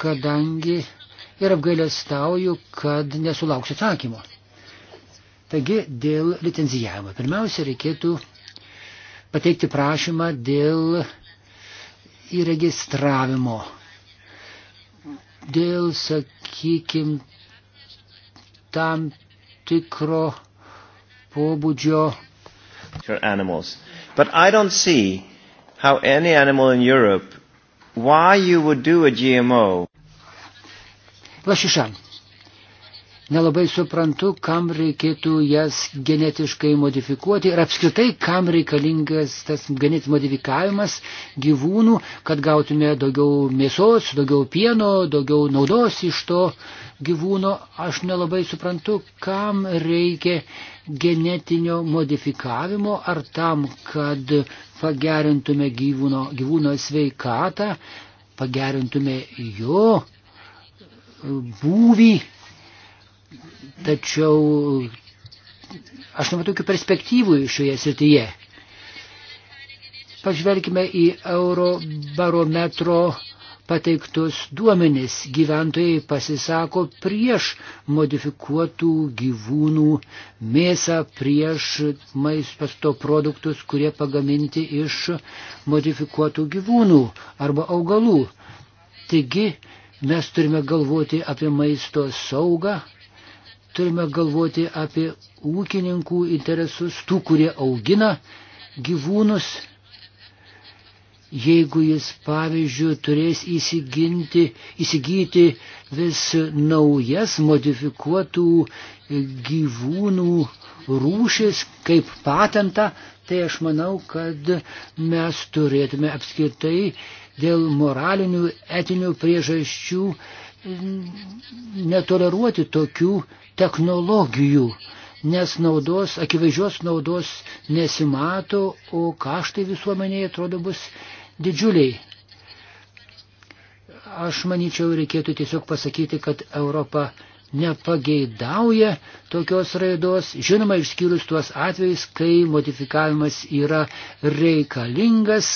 kadangi ir apgailestauju, kad nesulauksiu atsakymo. Taigi dėl licenzijavimo. Pirmiausia, reikėtų pateikti prašymą dėl įregistravimo. Dėl, sakykim, tam tikro pobūdžio. Animals. But I don't see how any animal in Europe, why you would do a GMO. Lašiša. Nelabai suprantu, kam reikėtų jas genetiškai modifikuoti ir apskritai, kam reikalingas tas genetinis modifikavimas gyvūnų, kad gautume daugiau mėsos, daugiau pieno, daugiau naudos iš to gyvūno. Aš nelabai suprantu, kam reikia uh, genetinio modifikavimo ar tam, kad pagerintume gyvūno, gyvūno sveikatą, pagerintume jo būvį. Tačiau aš nematau tokių perspektyvų šioje srityje. Pažvelkime į eurobarometro pateiktus duomenis. Gyventojai pasisako prieš modifikuotų gyvūnų mėsą, prieš maisto produktus, kurie pagaminti iš modifikuotų gyvūnų arba augalų. Taigi mes turime galvoti apie maisto saugą, turime galvoti apie ūkininkų interesus, tų, kurie augina gyvūnus jeigu jis, pavyzdžiui, turės įsiginti, įsigyti vis naujas modifikuotų gyvūnų rūšis kaip patentą, tai aš manau, kad mes turėtume apskritai dėl moralinių, etinių priežasčių netoleruoti tokių technologijų nes naudos, akivaizdžios naudos nesimato, o kaštai visuomenėje atrodo bus didžiuliai. Aš manyčiau, reikėtų tiesiog pasakyti, kad Europa nepageidauja tokios raidos, žinoma, išskyrus tuos atvejus, kai modifikavimas yra reikalingas,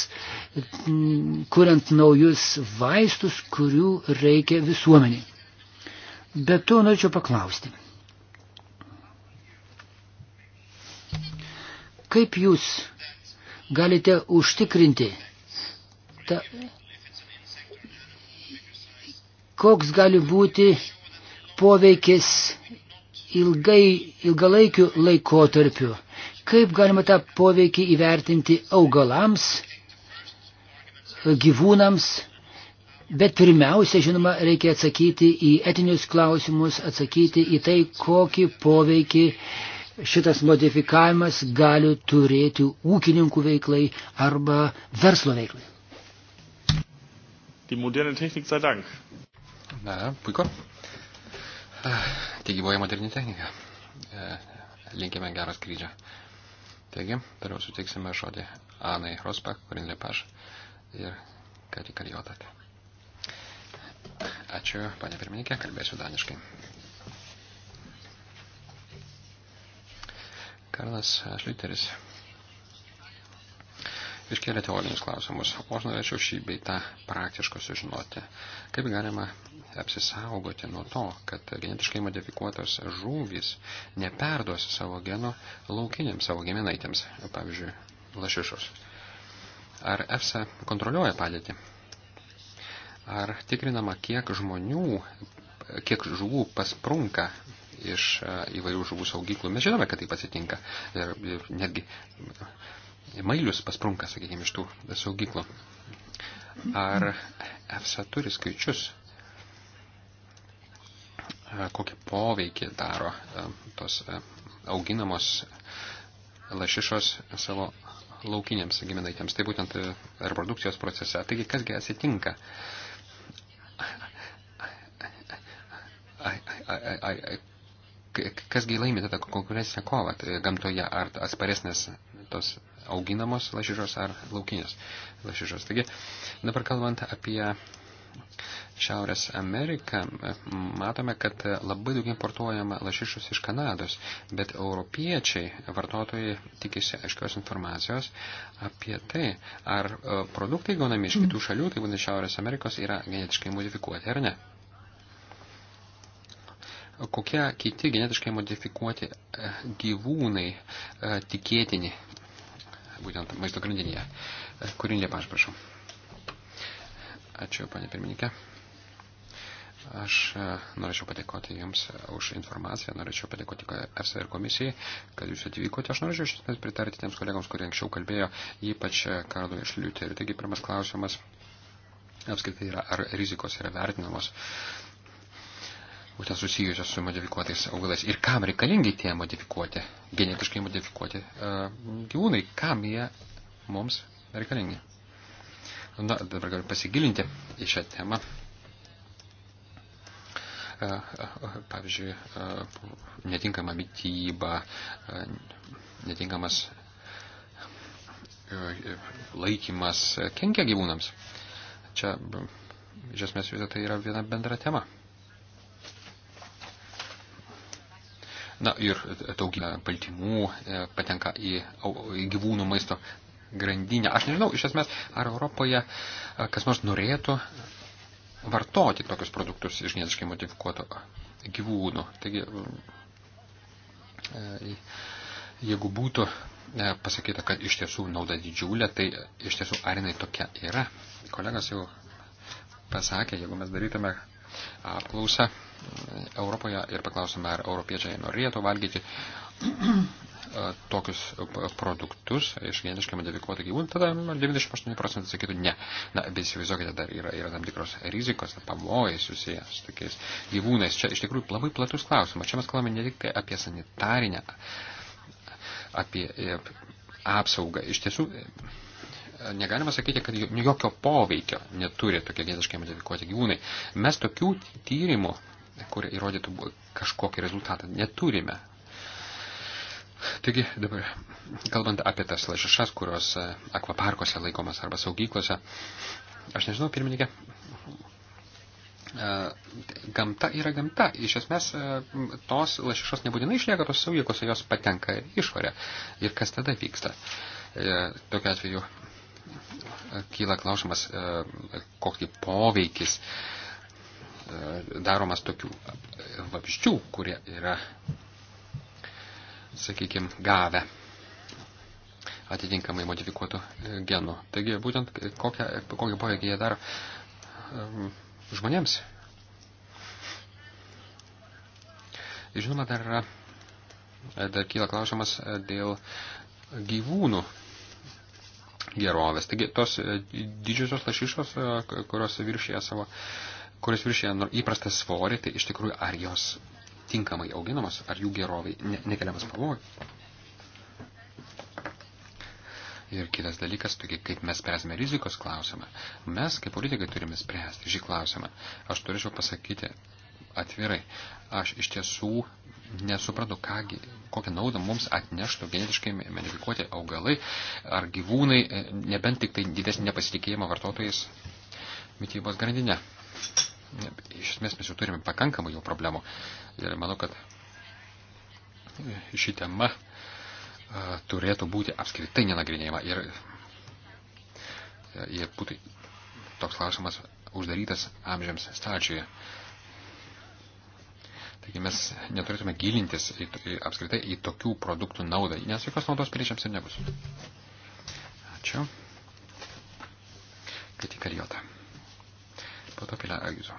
kuriant naujus vaistus, kurių reikia visuomeniai. Bet to norėčiau paklausti. Kaip jūs galite užtikrinti, ta, koks gali būti poveikis ilgai, ilgalaikiu laikotarpiu, kaip galima tą poveikį įvertinti augalams, gyvūnams, bet pirmiausia, žinoma, reikia atsakyti į etinius klausimus, atsakyti į tai, kokį poveikį uh, šitas modifikavimas gali turėti ūkininkų veiklai arba verslo veiklai. Die moderne Technik sei Dank. Na, puiku. Tegyvoja moderni technika. Linkime gerą skrydžią. Taigi, toliau suteiksime žodį Anai Rosbach, Korin Lepaš ir Kari Karijotatė. Ačiū, panė pirmininkė, kalbėsiu daniškai. Karlas Šliteris iškėlė teorinius klausimus, o aš norėčiau šį beitą praktiško sužinoti. Kaip galima apsisaugoti nuo to, kad genetiškai modifikuotos žuvys neperduos savo geno laukiniams savo giminaitėms, pavyzdžiui, lašišos. Ar EFSA kontroliuoja padėtį? Ar tikrinama, kiek žmonių, kiek žuvų pasprunka iš e, įvairių žuvų saugyklų. Mes žinome, kad taip atsitinka. Ir, ir netgi mailius pasprunka, sakykime, iš tų saugyklų. Ar EFSA turi skaičius, e, kokį poveikį daro e, tos auginamos lašišos savo laukiniams giminaitėms, tai būtent reprodukcijos procese. Taigi, kasgi atsitinka? kasgi laimė tada konkurencinę kovą tai gamtoje, ar atsparesnės tos auginamos lašišos ar laukinės lašišos. Taigi, dabar kalbant apie Šiaurės Ameriką, matome, kad labai daug importuojama lašišus iš Kanados, bet europiečiai vartotojai tikisi aiškios informacijos apie tai, ar e, produktai gaunami iš kitų šalių, tai būtent Šiaurės Amerikos, yra genetiškai modifikuoti ar ne kokie kiti genetiškai modifikuoti e, gyvūnai e, tikėtini, būtent maisto grandinėje. E, Kurinlė, aš prašau. Ačiū, panė pirmininkė. Aš norėčiau padėkoti Jums už informaciją, norėčiau padėkoti FSR komisijai, kad Jūs atvykote. Aš norėčiau iš esmės pritarti tiems kolegams, kurie anksčiau kalbėjo, ypač Karlui Šliuteriui. Taigi, pirmas klausimas apskritai yra, ar rizikos yra vertinamos būtent susijusios su modifikuotais augalais. Ir kam reikalingi tie modifikuoti, genetiškai modifikuoti uh, gyvūnai, kam jie mums reikalingi. Na, dabar galiu pasigilinti į šią temą. E, e, pavyzdžiui, netinkama mytyba, netinkamas laikymas kenkia gyvūnams. Čia, iš esmės, visą tai yra viena bendra tema. Na ir daugybė baltymų e, patenka į, į gyvūnų maisto grandinę. Aš nežinau, iš esmės, ar Europoje e, kas nors norėtų vartoti tokius produktus iš genetiškai modifikuoto gyvūnų. Taigi, e, jeigu būtų pasakyta, kad iš tiesų nauda didžiulė, tai iš tiesų ar jinai tokia yra. Kolegas jau pasakė, jeigu mes darytume apklausą e, Europoje ir paklausome, ar europiečiai norėtų valgyti e, tokius produktus iš geniškai modifikuotų gyvūnų, tada 98 procentai sakytų ne. Na, bet įsivaizduokite, dar yra, yra tam tikros rizikos, pavojai susijęs su tokiais gyvūnais. Čia iš tikrųjų labai platus klausimas. Čia mes kalbame ne tik tai apie sanitarinę, apie e, apsaugą. Iš tiesų, negalima sakyti, kad jokio poveikio neturi tokie genetiškai modifikuoti gyvūnai. Mes tokių tyrimų, kur įrodytų kažkokį rezultatą, neturime. Taigi dabar, kalbant apie tas lašišas, kurios e, akvaparkose laikomas arba saugyklose, aš nežinau, pirmininkė, e, gamta yra gamta. Iš esmės, e, tos lašišos nebūtinai išlieka tos saugyklose, jos patenka išorę. Ir kas tada vyksta? Tokiu atveju kyla klausimas, e, kokį poveikis e, daromas tokių vabščių, kurie yra, sakykime, gavę atitinkamai modifikuotų e, genų. Taigi, būtent kokią, kokį poveikį jie daro žmonėms. Žinoma, dar, yra, dar kyla klausimas dėl gyvūnų gerovės. Taigi tos e, didžiosios lašišos, e, kurios viršyje savo, kurios viršyje įprastą svorį, tai iš tikrųjų ar jos tinkamai auginamos, ar jų gerovai ne, nekeliamas pavojus. Ir kitas dalykas, tokie, kaip mes spręsime rizikos klausimą. Mes, kaip politikai, turime spręsti šį klausimą. Aš turėčiau pasakyti atvirai, aš iš tiesų nesuprantu, kągi, kokią naudą mums atneštų genetiškai modifikuoti augalai ar gyvūnai, e, nebent tik tai didesnį nepasitikėjimą vartotojais mytybos grandinė. Iš esmės mes jau turime pakankamai jau problemų ir manau, kad e, ši tema e, turėtų būti apskritai nenagrinėjama ir, ir būtų toks klausimas uždarytas amžiams stačioje. Taigi mes neturėtume gilintis į, į, apskritai į tokių produktų naudą, nes jokios naudos piliečiams ir nebus. Ačiū. Kati Karijota. Po to Pilar Agizo.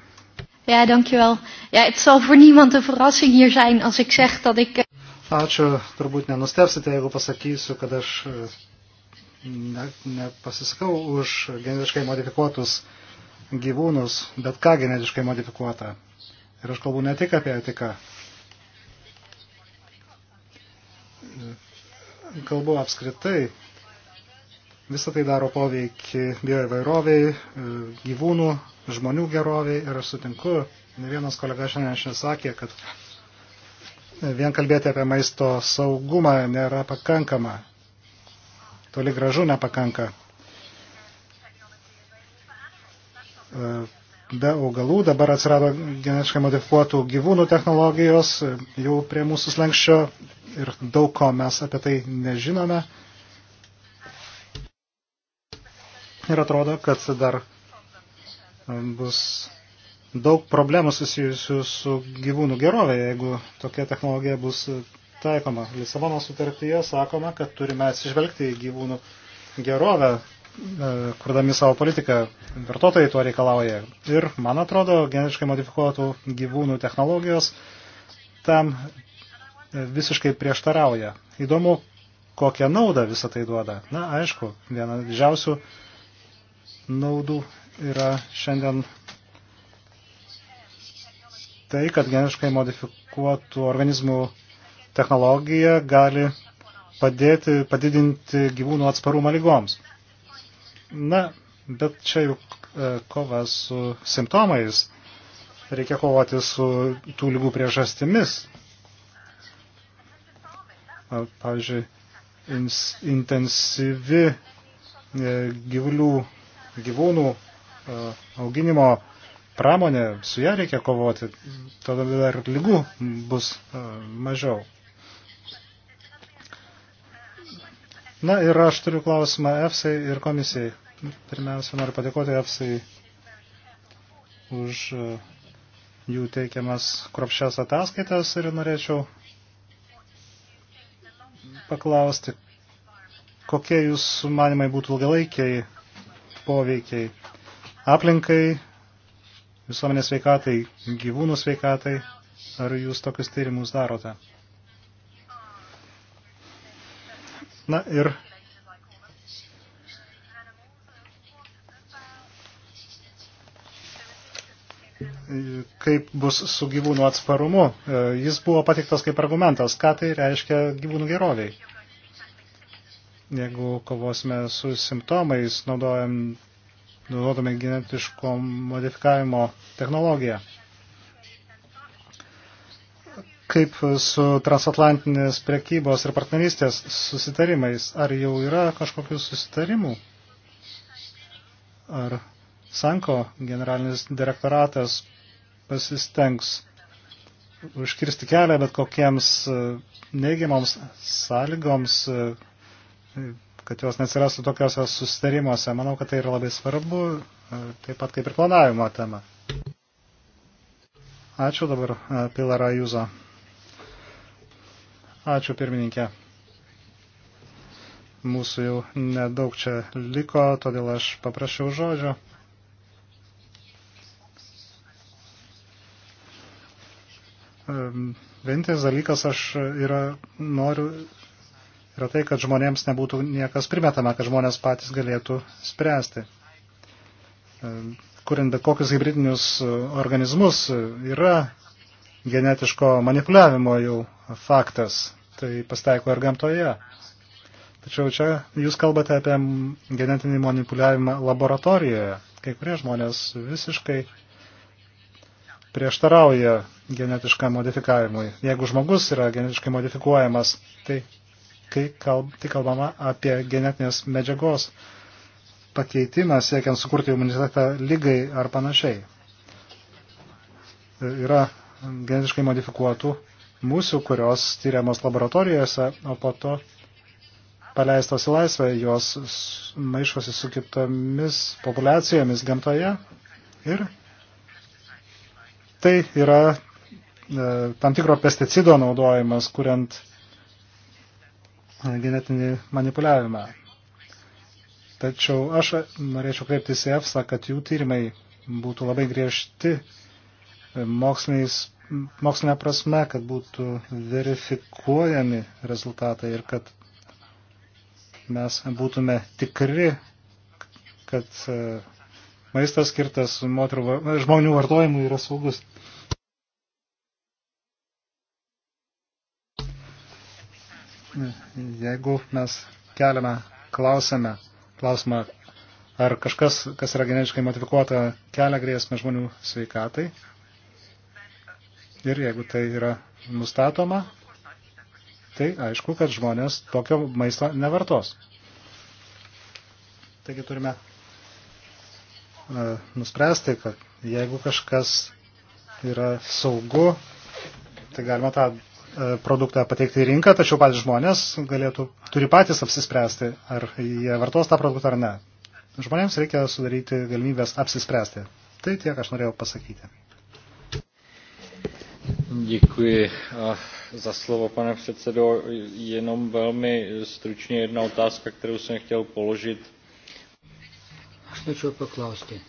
Ja, dankjewel. Ja, het zal voor niemand een verrassing hier zijn als ik zeg dat ik... Eh, Ačiū, turbūt nenustepsite, jeigu pasakysiu, kad aš nepasisakau eh, ne, ne už genetiškai modifikuotus gyvūnus, bet ką genetiškai modifikuota. Ir aš kalbu ne tik apie etiką. Kalbu apskritai. Visą tai daro poveikį bioįvairoviai, gyvūnų, žmonių geroviai. Ir aš sutinku, ne vienas kolega šiandien šiandien sakė, kad vien kalbėti apie maisto saugumą nėra pakankama. Toli gražu nepakanka be augalų, dabar atsirado genetiškai modifikuotų gyvūnų technologijos jau prie mūsų slengščio ir daug ko mes apie tai nežinome. Ir atrodo, kad dar um, bus daug problemų susijusių su gyvūnų gerovė, jeigu tokia technologija bus taikoma. Lisabono sutartyje sakoma, kad turime atsižvelgti į gyvūnų gerovę E, kurdami savo politiką. Vartotojai tuo reikalauja. Ir, man atrodo, geniškai modifikuotų gyvūnų technologijos tam e, visiškai prieštarauja. Įdomu, kokią naudą visą tai duoda. Na, aišku, viena didžiausių naudų yra šiandien tai, kad geniškai modifikuotų organizmų technologija gali padėti padidinti gyvūnų atsparumą lygoms. Na, bet čia juk e, kova su simptomais. Reikia kovoti su tų lygų priežastimis. Pavyzdžiui, intensyvi e, gyvulių, gyvūnų e, auginimo pramonė, su ją reikia kovoti, tada dar lygų bus mažiau. Na ir aš turiu klausimą EFSA ir komisijai. Pirmiausia, noriu padėkoti EFSA už e, jų teikiamas kropščias ataskaitas ir norėčiau paklausti, kokie jūsų manimai būtų ilgalaikiai poveikiai aplinkai, visuomenės sveikatai, gyvūnų sveikatai, ar jūs tokius tyrimus darote? Na ir kaip bus su gyvūnų atsparumu. E, jis buvo patiktas kaip argumentas, ką tai reiškia gyvūnų geroviai. Jeigu kovosime su simptomais, naudojam, naudodami genetiško modifikavimo technologiją kaip su transatlantinės prekybos ir partnerystės susitarimais. Ar jau yra kažkokių susitarimų? Ar Sanko generalinis direktoratas pasistengs užkirsti kelią bet kokiems e, neigiamoms sąlygoms, e, kad jos nesirastų tokiuose susitarimuose. Manau, kad tai yra labai svarbu, e, taip pat kaip ir planavimo tema. Ačiū dabar Pilarą Jūzą. Ačiū pirmininkė. Mūsų jau nedaug čia liko, todėl aš paprašiau žodžio. Ehm, vienintelis dalykas aš yra, noriu yra tai, kad žmonėms nebūtų niekas primetama, kad žmonės patys galėtų spręsti. Ehm, kuriant bet kokius hybridinius e, organizmus e, yra genetiško manipuliavimo jau faktas. Tai pasteiko ir gamtoje. Tačiau čia jūs kalbate apie genetinį manipuliavimą laboratorijoje. Kai kurie žmonės visiškai prieštarauja genetiškam modifikavimui. Jeigu žmogus yra genetiškai modifikuojamas, tai, kai kalb, tai kalbama apie genetinės medžiagos pakeitimą siekiant sukurti imunitetą lygai ar panašiai. Yra genetiškai modifikuotų mūsų, kurios tyriamos laboratorijose, o po to paleistos į laisvę, jos maišosi su kitomis populiacijomis gamtoje. Ir tai yra e, tam tikro pesticido naudojimas, kuriant e, genetinį manipuliavimą. Tačiau aš norėčiau kreiptis į EFSA, kad jų tyrimai būtų labai griežti e, moksliniais mokslinę prasme, kad būtų verifikuojami rezultatai ir kad mes būtume tikri, kad e, maistas skirtas moterų, žmonių vartojimui yra saugus. Jeigu mes keliame klausime, klausimą, ar kažkas, kas yra genetiškai modifikuota, kelia grėsmę žmonių sveikatai, Ir jeigu tai yra nustatoma, tai aišku, kad žmonės tokio maisto nevartos. Taigi turime e, nuspręsti, kad jeigu kažkas yra saugu, tai galima tą e, produktą pateikti į rinką, tačiau patys žmonės galėtų, turi patys apsispręsti, ar jie vartos tą produktą ar ne. Žmonėms reikia sudaryti galimybės apsispręsti. Tai tiek aš norėjau pasakyti. Děkuji eh, za slovo, pane předsedo. Jenom velmi stručně jedna otázka, kterou jsem chtěl položit. Aš norėčiau paklausti.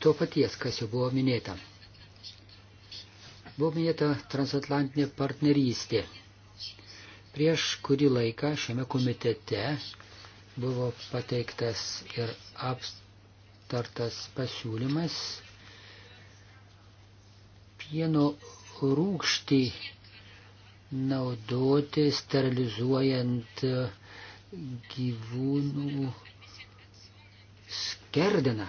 To paties, kas jau buvo minėta. Buvo minėta transatlantinė partnerystė. Prieš kurį laiką šiame komitete buvo pateiktas ir aptartas pasiūlymas pieno rūkštį naudoti sterilizuojant gyvūnų skerdeną.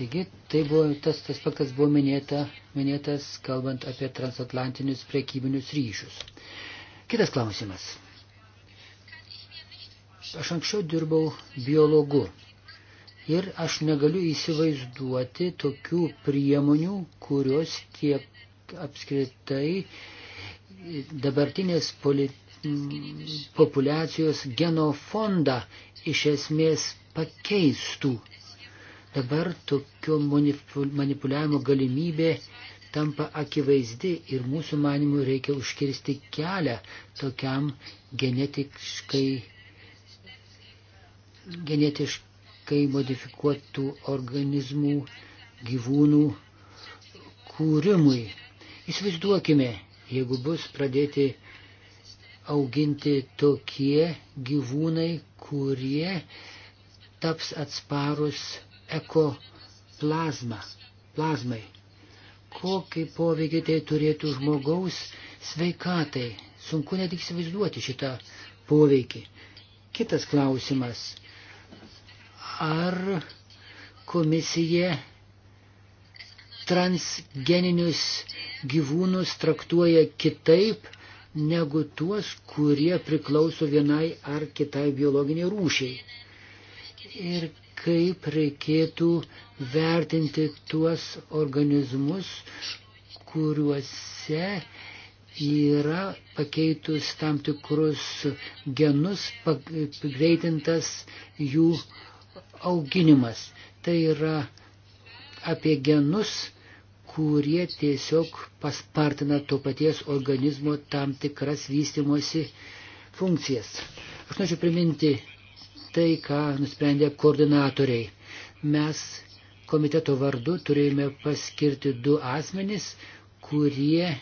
Taigi, tai buvo, tas aspektas buvo minėta, minėtas, kalbant apie transatlantinius priekybinius ryšius. Kitas klausimas. Aš anksčiau dirbau biologu Ir aš negaliu įsivaizduoti tokių priemonių, kurios tiek apskritai dabartinės polit... populacijos genofondą iš esmės pakeistų. Dabar tokio manipuliavimo galimybė tampa akivaizdi ir mūsų manimų reikia užkirsti kelią tokiam genetiškai genetiškai genetiškai modifikuotų organizmų gyvūnų kūrimui. Įsivaizduokime, jeigu bus pradėti auginti tokie gyvūnai, kurie taps atsparus ekoplazma, plazmai. Kokį poveikį tai turėtų žmogaus sveikatai? Sunku net įsivaizduoti šitą poveikį. Kitas klausimas ar komisija transgeninius gyvūnus traktuoja kitaip negu tuos, kurie priklauso vienai ar kitai biologiniai rūšiai. Ir kaip reikėtų vertinti tuos organizmus, kuriuose yra pakeitus tam tikrus genus, pagreitintas jų uh, auginimas. Tai yra apie genus, kurie tiesiog paspartina to paties organizmo tam tikras vystimosi funkcijas. Aš norėčiau priminti tai, ką nusprendė koordinatoriai. Mes komiteto vardu turėjome paskirti du asmenys, kurie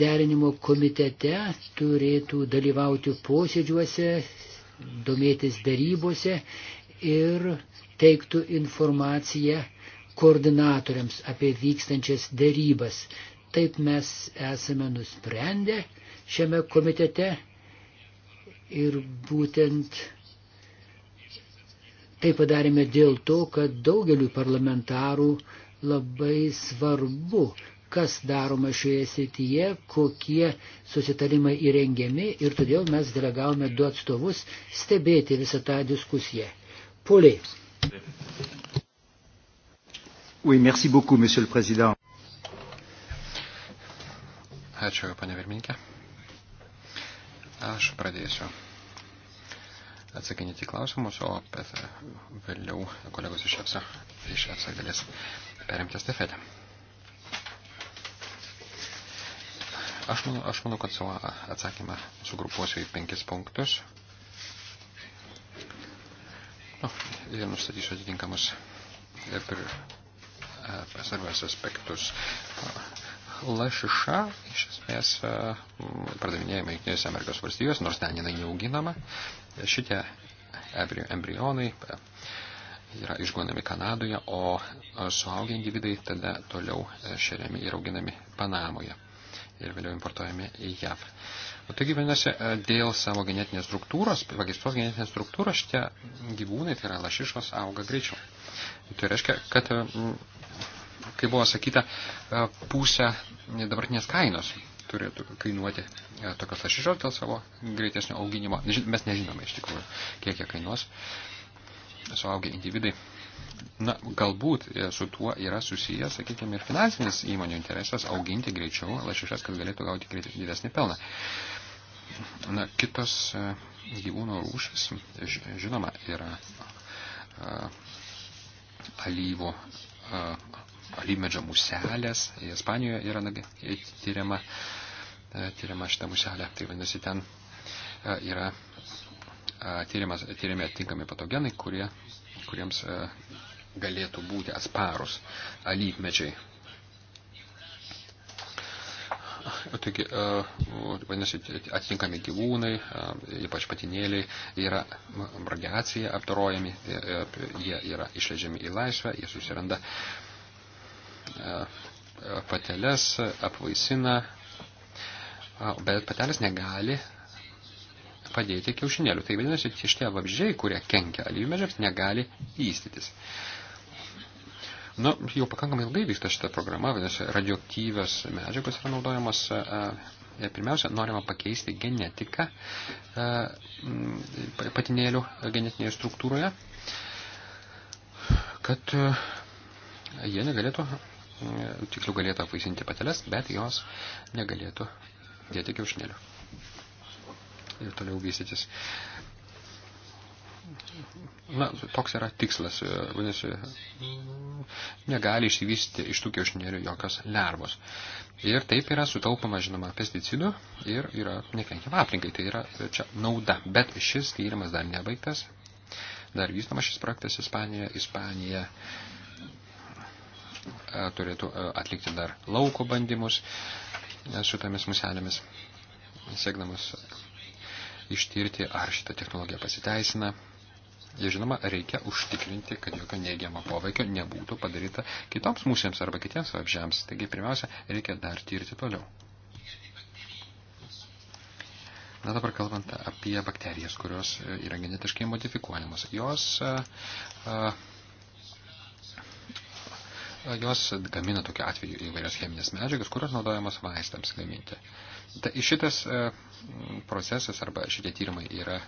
derinimo komitete turėtų dalyvauti posėdžiuose, domėtis darybose ir teiktų informaciją koordinatoriams apie vykstančias darybas. Taip mes esame nusprendę šiame komitete ir būtent tai padarėme dėl to, kad daugeliu parlamentarų labai svarbu kas daroma šioje srityje, kokie susitarimai įrengiami ir todėl mes delegavome du atstovus stebėti visą tą diskusiją. Polė. Oui, merci beaucoup, monsieur le président. Ačiū, pane Virminkė. Aš pradėsiu atsakinėti klausimus, o vėliau kolegos iš EFSA galės perimti stafetę. Aš manau, aš manau kad savo atsakymą sugrupuosiu į penkis punktus. Nu, ir nustatysiu atitinkamus e, svarbiausius aspektus. Lašiša iš esmės e, pardavinėjama Junktinėse Amerikos valstijos, nors ten jinai neauginama. Šitie embrionai e, yra išguonami Kanadoje, o suaugę individai tada toliau šeriami ir auginami Panamoje ir vėliau importuojami į JAV. O taigi, vienasi, dėl savo genetinės struktūros, pakeistos genetinės struktūros, šitie gyvūnai, tai yra lašišos, auga greičiau. Tai reiškia, kad, mm, kaip buvo sakyta, e, pusę dabartinės kainos turėtų kainuoti e, tokios lašišos dėl savo greitesnio auginimo. Mes nežinome iš tikrųjų, kiek jie kainuos suaugę individai Na, galbūt e, su tuo yra susijęs, sakykime, ir finansinis įmonių interesas auginti greičiau lašišas, kad galėtų gauti didesnį pelną. Na, kitos e, gyvūnų rūšis, žinoma, yra e, alyvų, alyvmedžio muselės, Ispanijoje yra tyriama, tyriama šitą muselę, tai vadinasi, ten yra tyriamas, tyriami atitinkami patogenai, kurie, kuriems galėtų būti atsparus alyvmečiai. Taigi, e, vadinasi, atitinkami gyvūnai, e, ypač patinėliai, yra radiacija aptarojami, e, jie yra išleidžiami į laisvę, jie susiranda pateles, apvaisina, bet patelės negali padėti kiaušinėlių. Tai vadinasi, šitie vabžiai, kurie kenkia alyvmedžiams, negali vystytis. Uh, Na, jau pakankamai ilgai vyksta šita programa, vadinasi, radioaktyvios medžiagos yra naudojamos. E, e, pirmiausia, norima pakeisti genetiką e, patinėlių genetinėje struktūroje, kad jie negalėtų, tiksliau galėtų apvaisinti pateles, bet jos negalėtų dėti kiaušnelių ir toliau vystytis. Na, toks yra tikslas, e, vadinasi, negali išsivystyti iš tų kiaušinėlių jokios lervos. Ir taip yra sutaupama, žinoma, pesticidų ir yra nekenkiama aplinkai, tai yra čia nauda. Bet šis tyrimas dar nebaigtas, dar vystomas šis projektas Ispanijoje. Ispanija e, turėtų e, atlikti dar lauko bandymus su tomis muselėmis, siekdamas ištirti, ar šita technologija pasiteisina Ir žinoma, reikia užtikrinti, kad jokio neigiamo poveikio nebūtų padaryta kitoms mūsėms arba kitiems vabžiams. Taigi, pirmiausia, reikia dar tyrti toliau. Na dabar kalbant apie bakterijas, kurios e, yra genetiškai modifikuojamos. Jos, a, e, a, e, jos gamina tokiu atveju įvairias cheminės medžiagas, kurios naudojamos vaistams gaminti. Ta, šitas a, procesas arba šitie tyrimai yra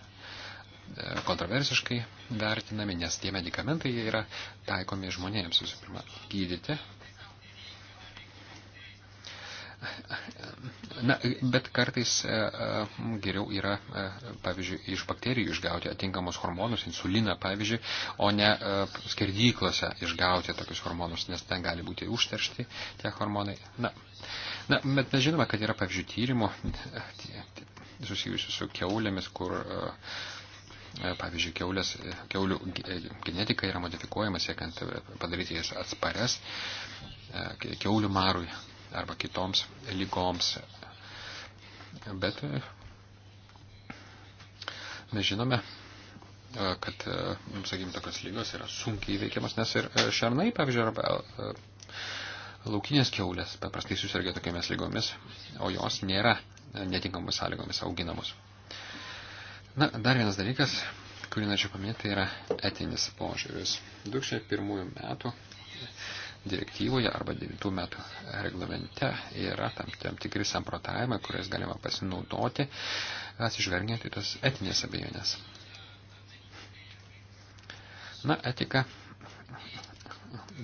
kontroversiškai vertinami, nes tie medikamentai yra taikomi žmonėms visų pirma gydyti. Na, bet kartais e, e, geriau yra, e, pavyzdžiui, iš bakterijų išgauti atinkamus hormonus, insuliną, pavyzdžiui, o ne skerdyklose išgauti tokius hormonus, nes ten gali būti užteršti tie hormonai. Na, na bet mes žinome, kad yra, pavyzdžiui, tyrimų susijusių su keulėmis, kur uh, E, pavyzdžiui, keulės, e, keulių e, genetika yra modifikuojama siekiant padaryti jas atsparias keulių marui arba kitoms lygoms. Bet mes žinome, kad, sakykime, tokios lygos yra sunkiai įveikiamas, nes ir šernai, pavyzdžiui, arba laukinės keulės paprastai susirgia tokiamis lygomis, o jos nėra netinkamomis sąlygomis auginamos. Na, dar vienas dalykas, kurį norėčiau paminėti, tai yra etinis požiūris. 2001 metų direktyvoje arba 9 metų reglamente yra tam, tam tikri samprotavimai, kuriais galima pasinaudoti, atsižvelgiant į tas etinės abejonės. Na, etika.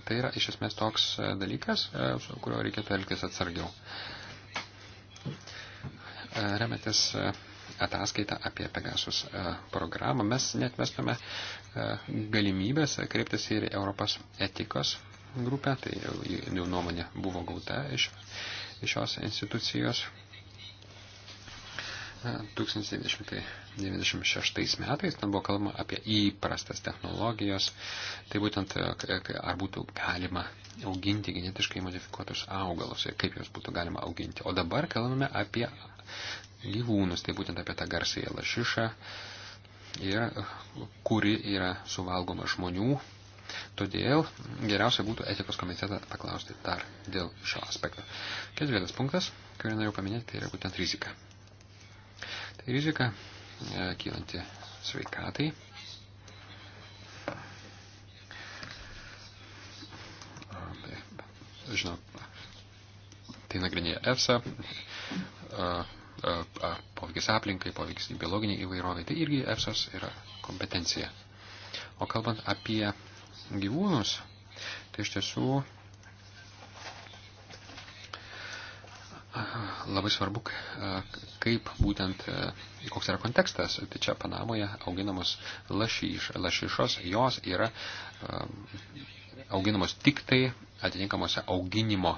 Tai yra iš esmės toks e, dalykas, e, su kuriuo reikėtų elgtis atsargiau. E, remiantis ataskaitą apie Pegasus e, programą, mes net mestume e, galimybės kreiptis ir Europos etikos grupę, tai jau nuomonė buvo gauta iš, iš šios institucijos. 1996 e, metais ten buvo kalbama apie įprastas technologijos, tai būtent ar būtų galima auginti genetiškai modifikuotus augalus ir kaip juos būtų galima auginti. O dabar kalbame apie gyvūnus, tai būtent apie tą garsąją lašišą, ir, kuri yra suvalgoma žmonių. Todėl geriausia būtų etikos komitetą paklausti dar dėl šio aspekto. Ketvirtas punktas, kurį norėjau paminėti, tai yra būtent rizika. Tai rizika e, kylanti sveikatai. Žinau, tai nagrinėja EFSA. E, poveikis aplinkai, poveikis biologiniai įvairoviai, tai irgi EFSOS yra kompetencija. O kalbant apie gyvūnus, tai iš tiesų labai svarbu, kaip būtent, koks yra kontekstas. Tai čia Panamoje auginamos lašyš, lašišos, jos yra auginamos tik tai atitinkamuose auginimo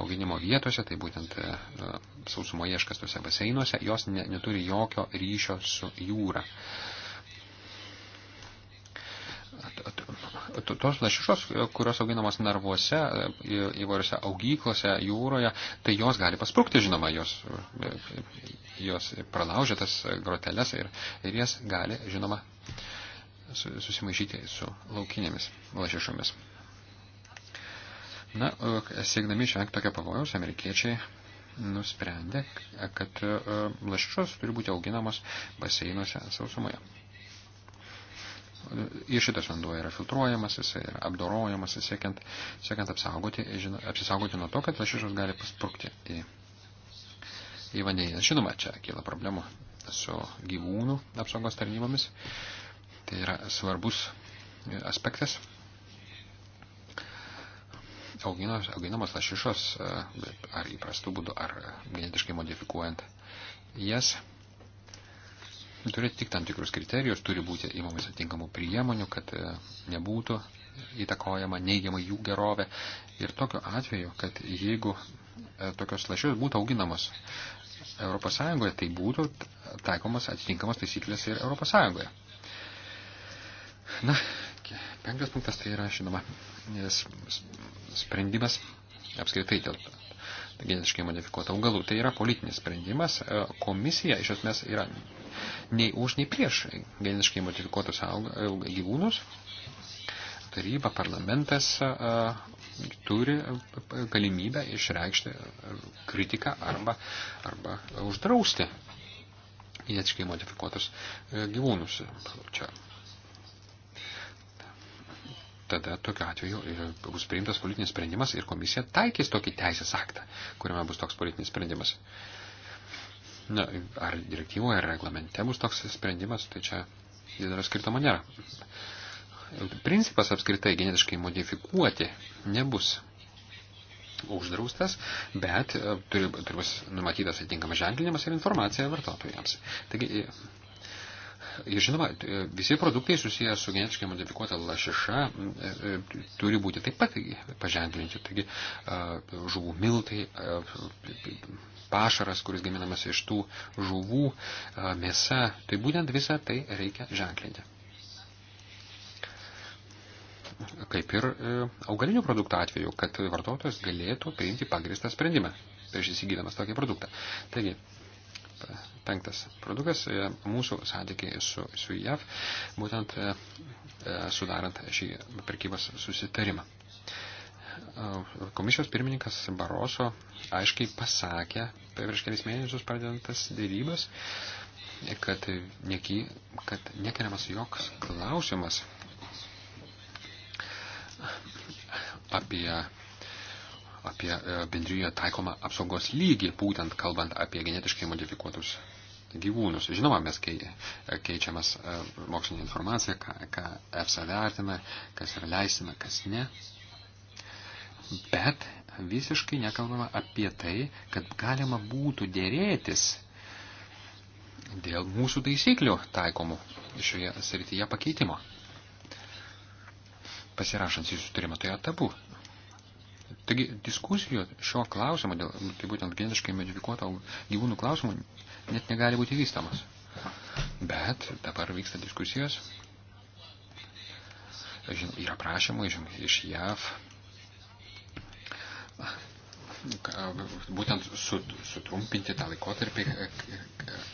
auginimo vietose, tai būtent e, sausumoje iškastose baseinuose, jos ne, neturi jokio ryšio su jūra. Tos lašišos, kurios auginamos narvuose, e, įvairiose augyklose, jūroje, tai jos gali pasprūkti, žinoma, jos, e, jos pralaužia tas groteles ir, ir jas gali, žinoma, susimaišyti su laukinėmis lašišomis. Na, siekdami išvengti tokio pavojaus, amerikiečiai nusprendė, kad e, lašišos turi būti auginamos baseinuose sausumoje. E, ir šitas vanduo yra filtruojamas, jis yra apdorojamas, siekiant, siekiant apsaugoti, žino, apsisaugoti nuo to, kad lašišos gali pasprukti į, į vandenį. Žinoma, čia kyla problemų su gyvūnų apsaugos tarnybomis. Tai yra svarbus e, aspektas auginos, auginamos lašišos e, ar įprastų būdų, ar genetiškai modifikuojant jas, turi tik tam tikrus kriterijus, turi būti įmamas atinkamų priemonių, kad e, nebūtų įtakojama neigiamai jų gerovė. Ir tokiu atveju, kad jeigu e, tokios lašišos būtų auginamos Europos Sąjungoje, tai būtų taikomas atitinkamos taisyklės ir Europos Sąjungoje. Na, penktas punktas tai yra, žinoma, nes sprendimas apskritai dėl genetiškai modifikuotų augalų. Tai yra politinis sprendimas. E, komisija iš esmės yra nei už, nei prieš genetiškai modifikuotus e, gyvūnus. Taryba, parlamentas e, turi galimybę išreikšti kritiką arba, arba uždrausti genetiškai modifikuotus gyvūnus. Čia tada tokiu atveju e, bus priimtas politinis sprendimas ir komisija taikys tokį teisės aktą, kuriame bus toks politinis sprendimas. Na, ar direktyvoje, ar reglamente bus toks sprendimas, tai čia didelio skirtumo nėra. Principas apskritai genetiškai modifikuoti nebus uždraustas, bet e, turi, turi bus numatytas atitinkamas ženklinimas ir informacija vartotojams. Taigi, Ir žinoma, e, visi produktai susijęs su genetiškai modifikuota lašiša e, e, turi būti taip pat paženklinti. Taigi žuvų miltai, pašaras, kuris gaminamas iš tų žuvų, mėsa, tai būtent visą tai reikia ženklinti. Kaip ir augalinių produktų atveju, kad vartotojas galėtų priimti pagristą sprendimą prieš įsigydamas tokį produktą. Taigi, penktas produktas e, - mūsų santykiai su, su JAV, būtent e, e, sudarant šį prekybos susitarimą. Komisijos pirmininkas Baroso aiškiai pasakė prieš kelis mėnesius pradedantas dėrybas, kad, neki, kad nekeliamas joks klausimas apie apie bendrijoje taikomą apsaugos lygį, būtent kalbant apie genetiškai modifikuotus gyvūnus. Žinoma, mes keičiamas e, mokslinė informacija, ką, ką EFSA vertina, kas yra leistina, kas ne. Bet visiškai nekalbama apie tai, kad galima būtų dėrėtis dėl mūsų taisyklių taikomų šioje srityje pakeitimo. Pasirašant į sutarimą, tai yra tabu. Taigi diskusijų šio klausimo, dėl, tai būtent geniškai modifikuoto gyvūnų klausimų, net negali būti vystamas. Bet dabar vyksta diskusijos. Žin, yra prašymų žin, iš JAV būtent sutrumpinti tą laikotarpį,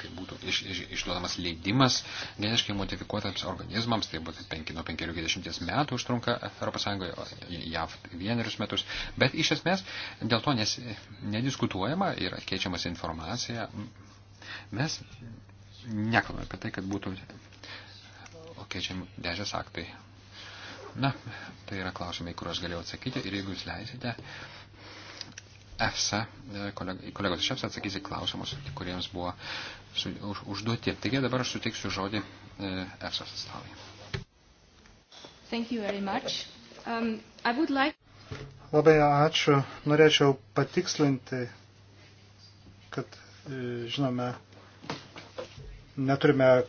kai būtų iš, iš, išduodamas leidimas geniškai modifikuotams organizmams, tai būtų penki, nuo 50 metų užtrunka ES, JAV vienerius metus, bet iš esmės dėl to nes, nediskutuojama ir keičiamas informacija Mes nekalbame apie tai, kad būtų keičiami dėžės aktai. Na, tai yra klausimai, kuriuos galėjau atsakyti ir jeigu jūs leisite, EFSA, kolegos iš EFSA atsakys į klausimus, kuriems buvo su, už, užduoti. Taigi dabar aš suteiksiu žodį e, EFSA atstovai. Thank you very much. Um, I would like... Labai ačiū. Norėčiau patikslinti, kad E, žinome, neturime e,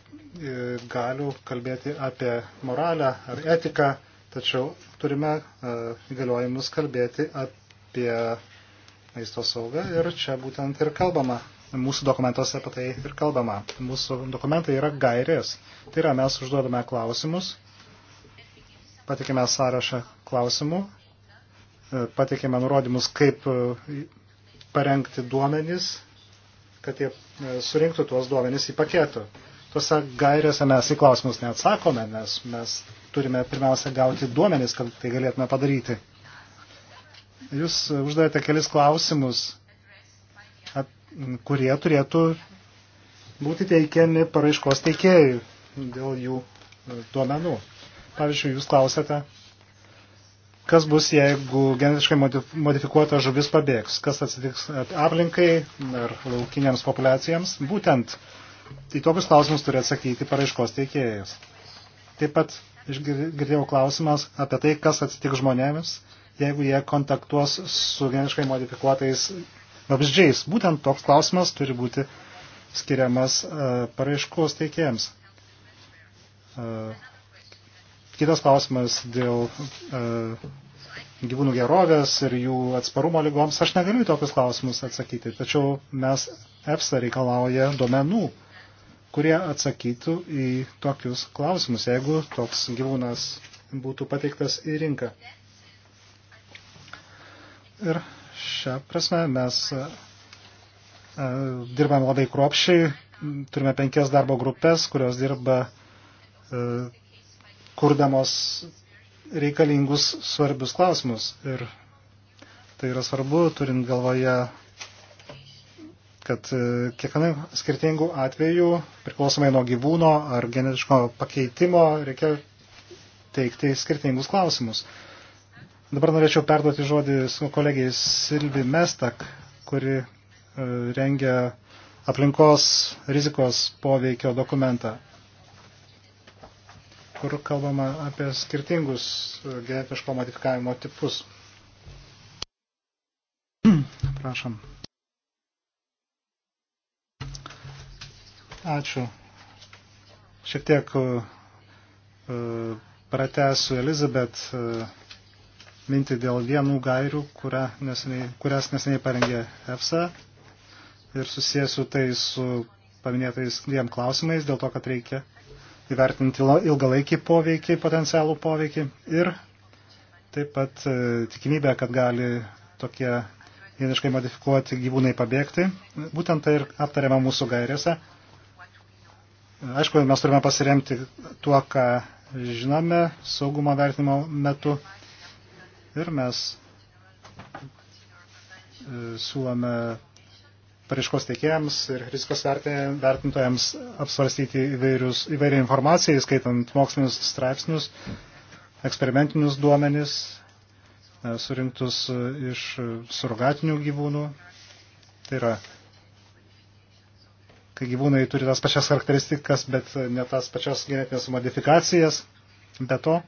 galių kalbėti apie moralę ar etiką, tačiau turime e, įgaliojimus kalbėti apie maisto saugą ir čia būtent ir kalbama. Mūsų dokumentuose apie tai ir kalbama. Mūsų dokumentai yra gairės. Tai yra, mes užduodame klausimus, patikime sąrašą klausimų, patikime nurodymus, kaip parengti duomenys kad jie e, surinktų tuos duomenis į paketų. Tuose gairiuose mes į klausimus neatsakome, nes mes turime pirmiausia gauti duomenis, kad tai galėtume padaryti. Jūs uždavėte kelis klausimus, kurie turėtų būti teikiami paraiškos teikėjai dėl jų e, duomenų. Pavyzdžiui, jūs klausėte, kas bus, jeigu genetiškai modifikuota žuvis pabėgs, kas atsitiks aplinkai ar laukiniams populiacijams. Būtent į tokius klausimus turi atsakyti paraiškos teikėjas. Taip pat girdėjau klausimas apie tai, kas atsitiks žmonėmis, jeigu jie kontaktuos su genetiškai modifikuotais vabzdžiais. Būtent toks klausimas turi būti skiriamas e, paraiškos teikėjams. Uh, Kitas klausimas dėl e, gyvūnų gerovės ir jų atsparumo lygoms, aš negaliu tokius klausimus atsakyti, tačiau mes EFSA reikalauja duomenų, kurie atsakytų į tokius klausimus, jeigu toks gyvūnas būtų pateiktas į rinką. Ir šią prasme mes e, dirbame labai kruopšiai, turime penkias darbo grupės, kurios dirba e, kurdamos reikalingus svarbius klausimus. Ir tai yra svarbu, turint galvoje, kad e, kiekvienam skirtingų atvejų, priklausomai nuo gyvūno ar genetiško pakeitimo, reikia teikti skirtingus klausimus. Dabar norėčiau perduoti žodį su kolegijai Silvi Mestak, kuri e, rengia aplinkos rizikos poveikio dokumentą kur kalbama apie skirtingus e, genetiško modifikavimo tipus. Prašom. Ačiū. Šiek tiek e, e, pratęsiu Elizabet mintį dėl vienų gairių, nesiniai, kurias neseniai parengė EFSA ir susijęsiu tai su paminėtais dviem klausimais, dėl to, kad reikia įvertinti ilgalaikį poveikį, potencialų poveikį ir taip pat e, tikimybę, kad gali tokie geniškai modifikuoti gyvūnai pabėgti. Būtent tai ir aptariama mūsų gairėse. Aišku, mes turime pasiremti tuo, ką žinome saugumo vertinimo metu ir mes e, siūlome pareiškos teikėjams ir rizikos vertintojams apsvarstyti įvairius, įvairią informaciją, įskaitant mokslinius straipsnius, eksperimentinius duomenis, e, surinktus e, iš surogatinių gyvūnų. Tai yra, kai gyvūnai turi tas pačias charakteristikas, bet ne tas pačias genetinės modifikacijas. Be to,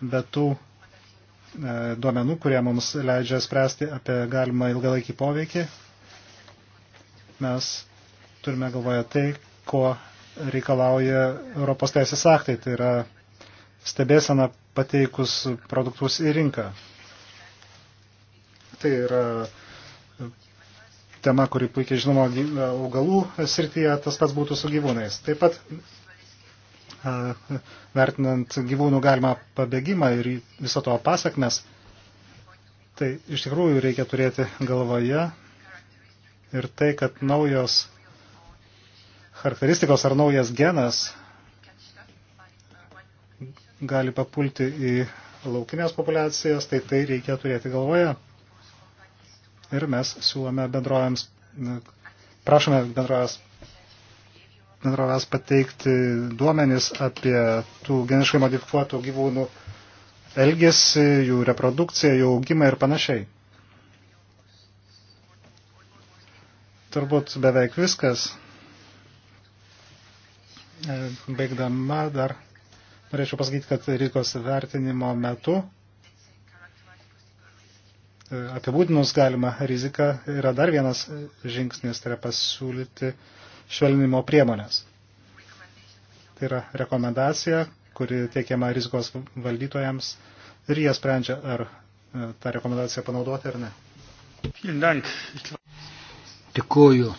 be tų E, duomenų, kurie mums leidžia spręsti apie galimą ilgalaikį poveikį. Mes turime galvoje tai, ko reikalauja Europos teisės aktai, tai yra stebėsena pateikus produktus į rinką. Tai yra tema, kuri puikiai žinoma augalų srityje, tas pats būtų su gyvūnais. Taip pat vertinant gyvūnų galimą pabėgimą ir viso to pasakmes, tai iš tikrųjų reikia turėti galvoje ir tai, kad naujos charakteristikos ar naujas genas gali papulti į laukinės populiacijas, tai tai reikia turėti galvoje. Ir mes siūlome bendrojams, prašome bendrojas bendrovės pateikti duomenis apie tų geniškai modifikuotų gyvūnų elgesį, jų reprodukciją, jų augimą ir panašiai. Turbūt beveik viskas. E, baigdama dar norėčiau pasakyti, kad rykos vertinimo metu e, apibūdinus galima riziką yra dar vienas žingsnis, tai yra pasiūlyti uh, švelninimo priemonės. Tai yra rekomendacija, kuri teikiama rizikos valdytojams ir jie sprendžia, ar e, tą rekomendaciją panaudoti ar ne. Dėkuoju.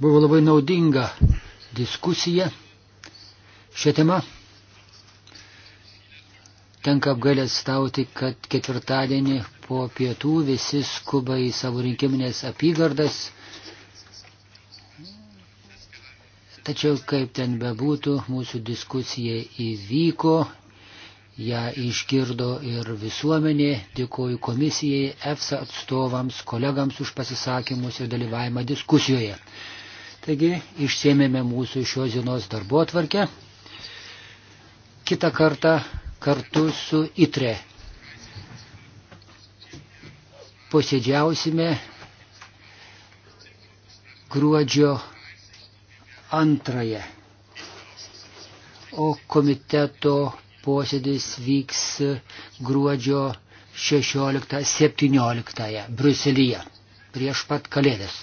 Buvo labai naudinga diskusija šią temą. Tenka apgalės stauti, kad ketvirtadienį po pietų visi skuba į savo rinkiminės apygardas Tačiau kaip ten bebūtų, mūsų diskusija įvyko, ją išgirdo ir visuomenė, dėkoju komisijai, EFSA atstovams, kolegams už pasisakymus ir dalyvavimą diskusijoje. Taigi išsėmėme mūsų šios dienos darbo atvarkę. Kita kartą kartu su ITRE posėdžiausime gruodžio antrąją. O komiteto posėdis vyks gruodžio 16-17 Bruselyje prieš pat kalėdas.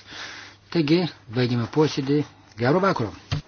Taigi, baigime posėdį. Gero vakaro.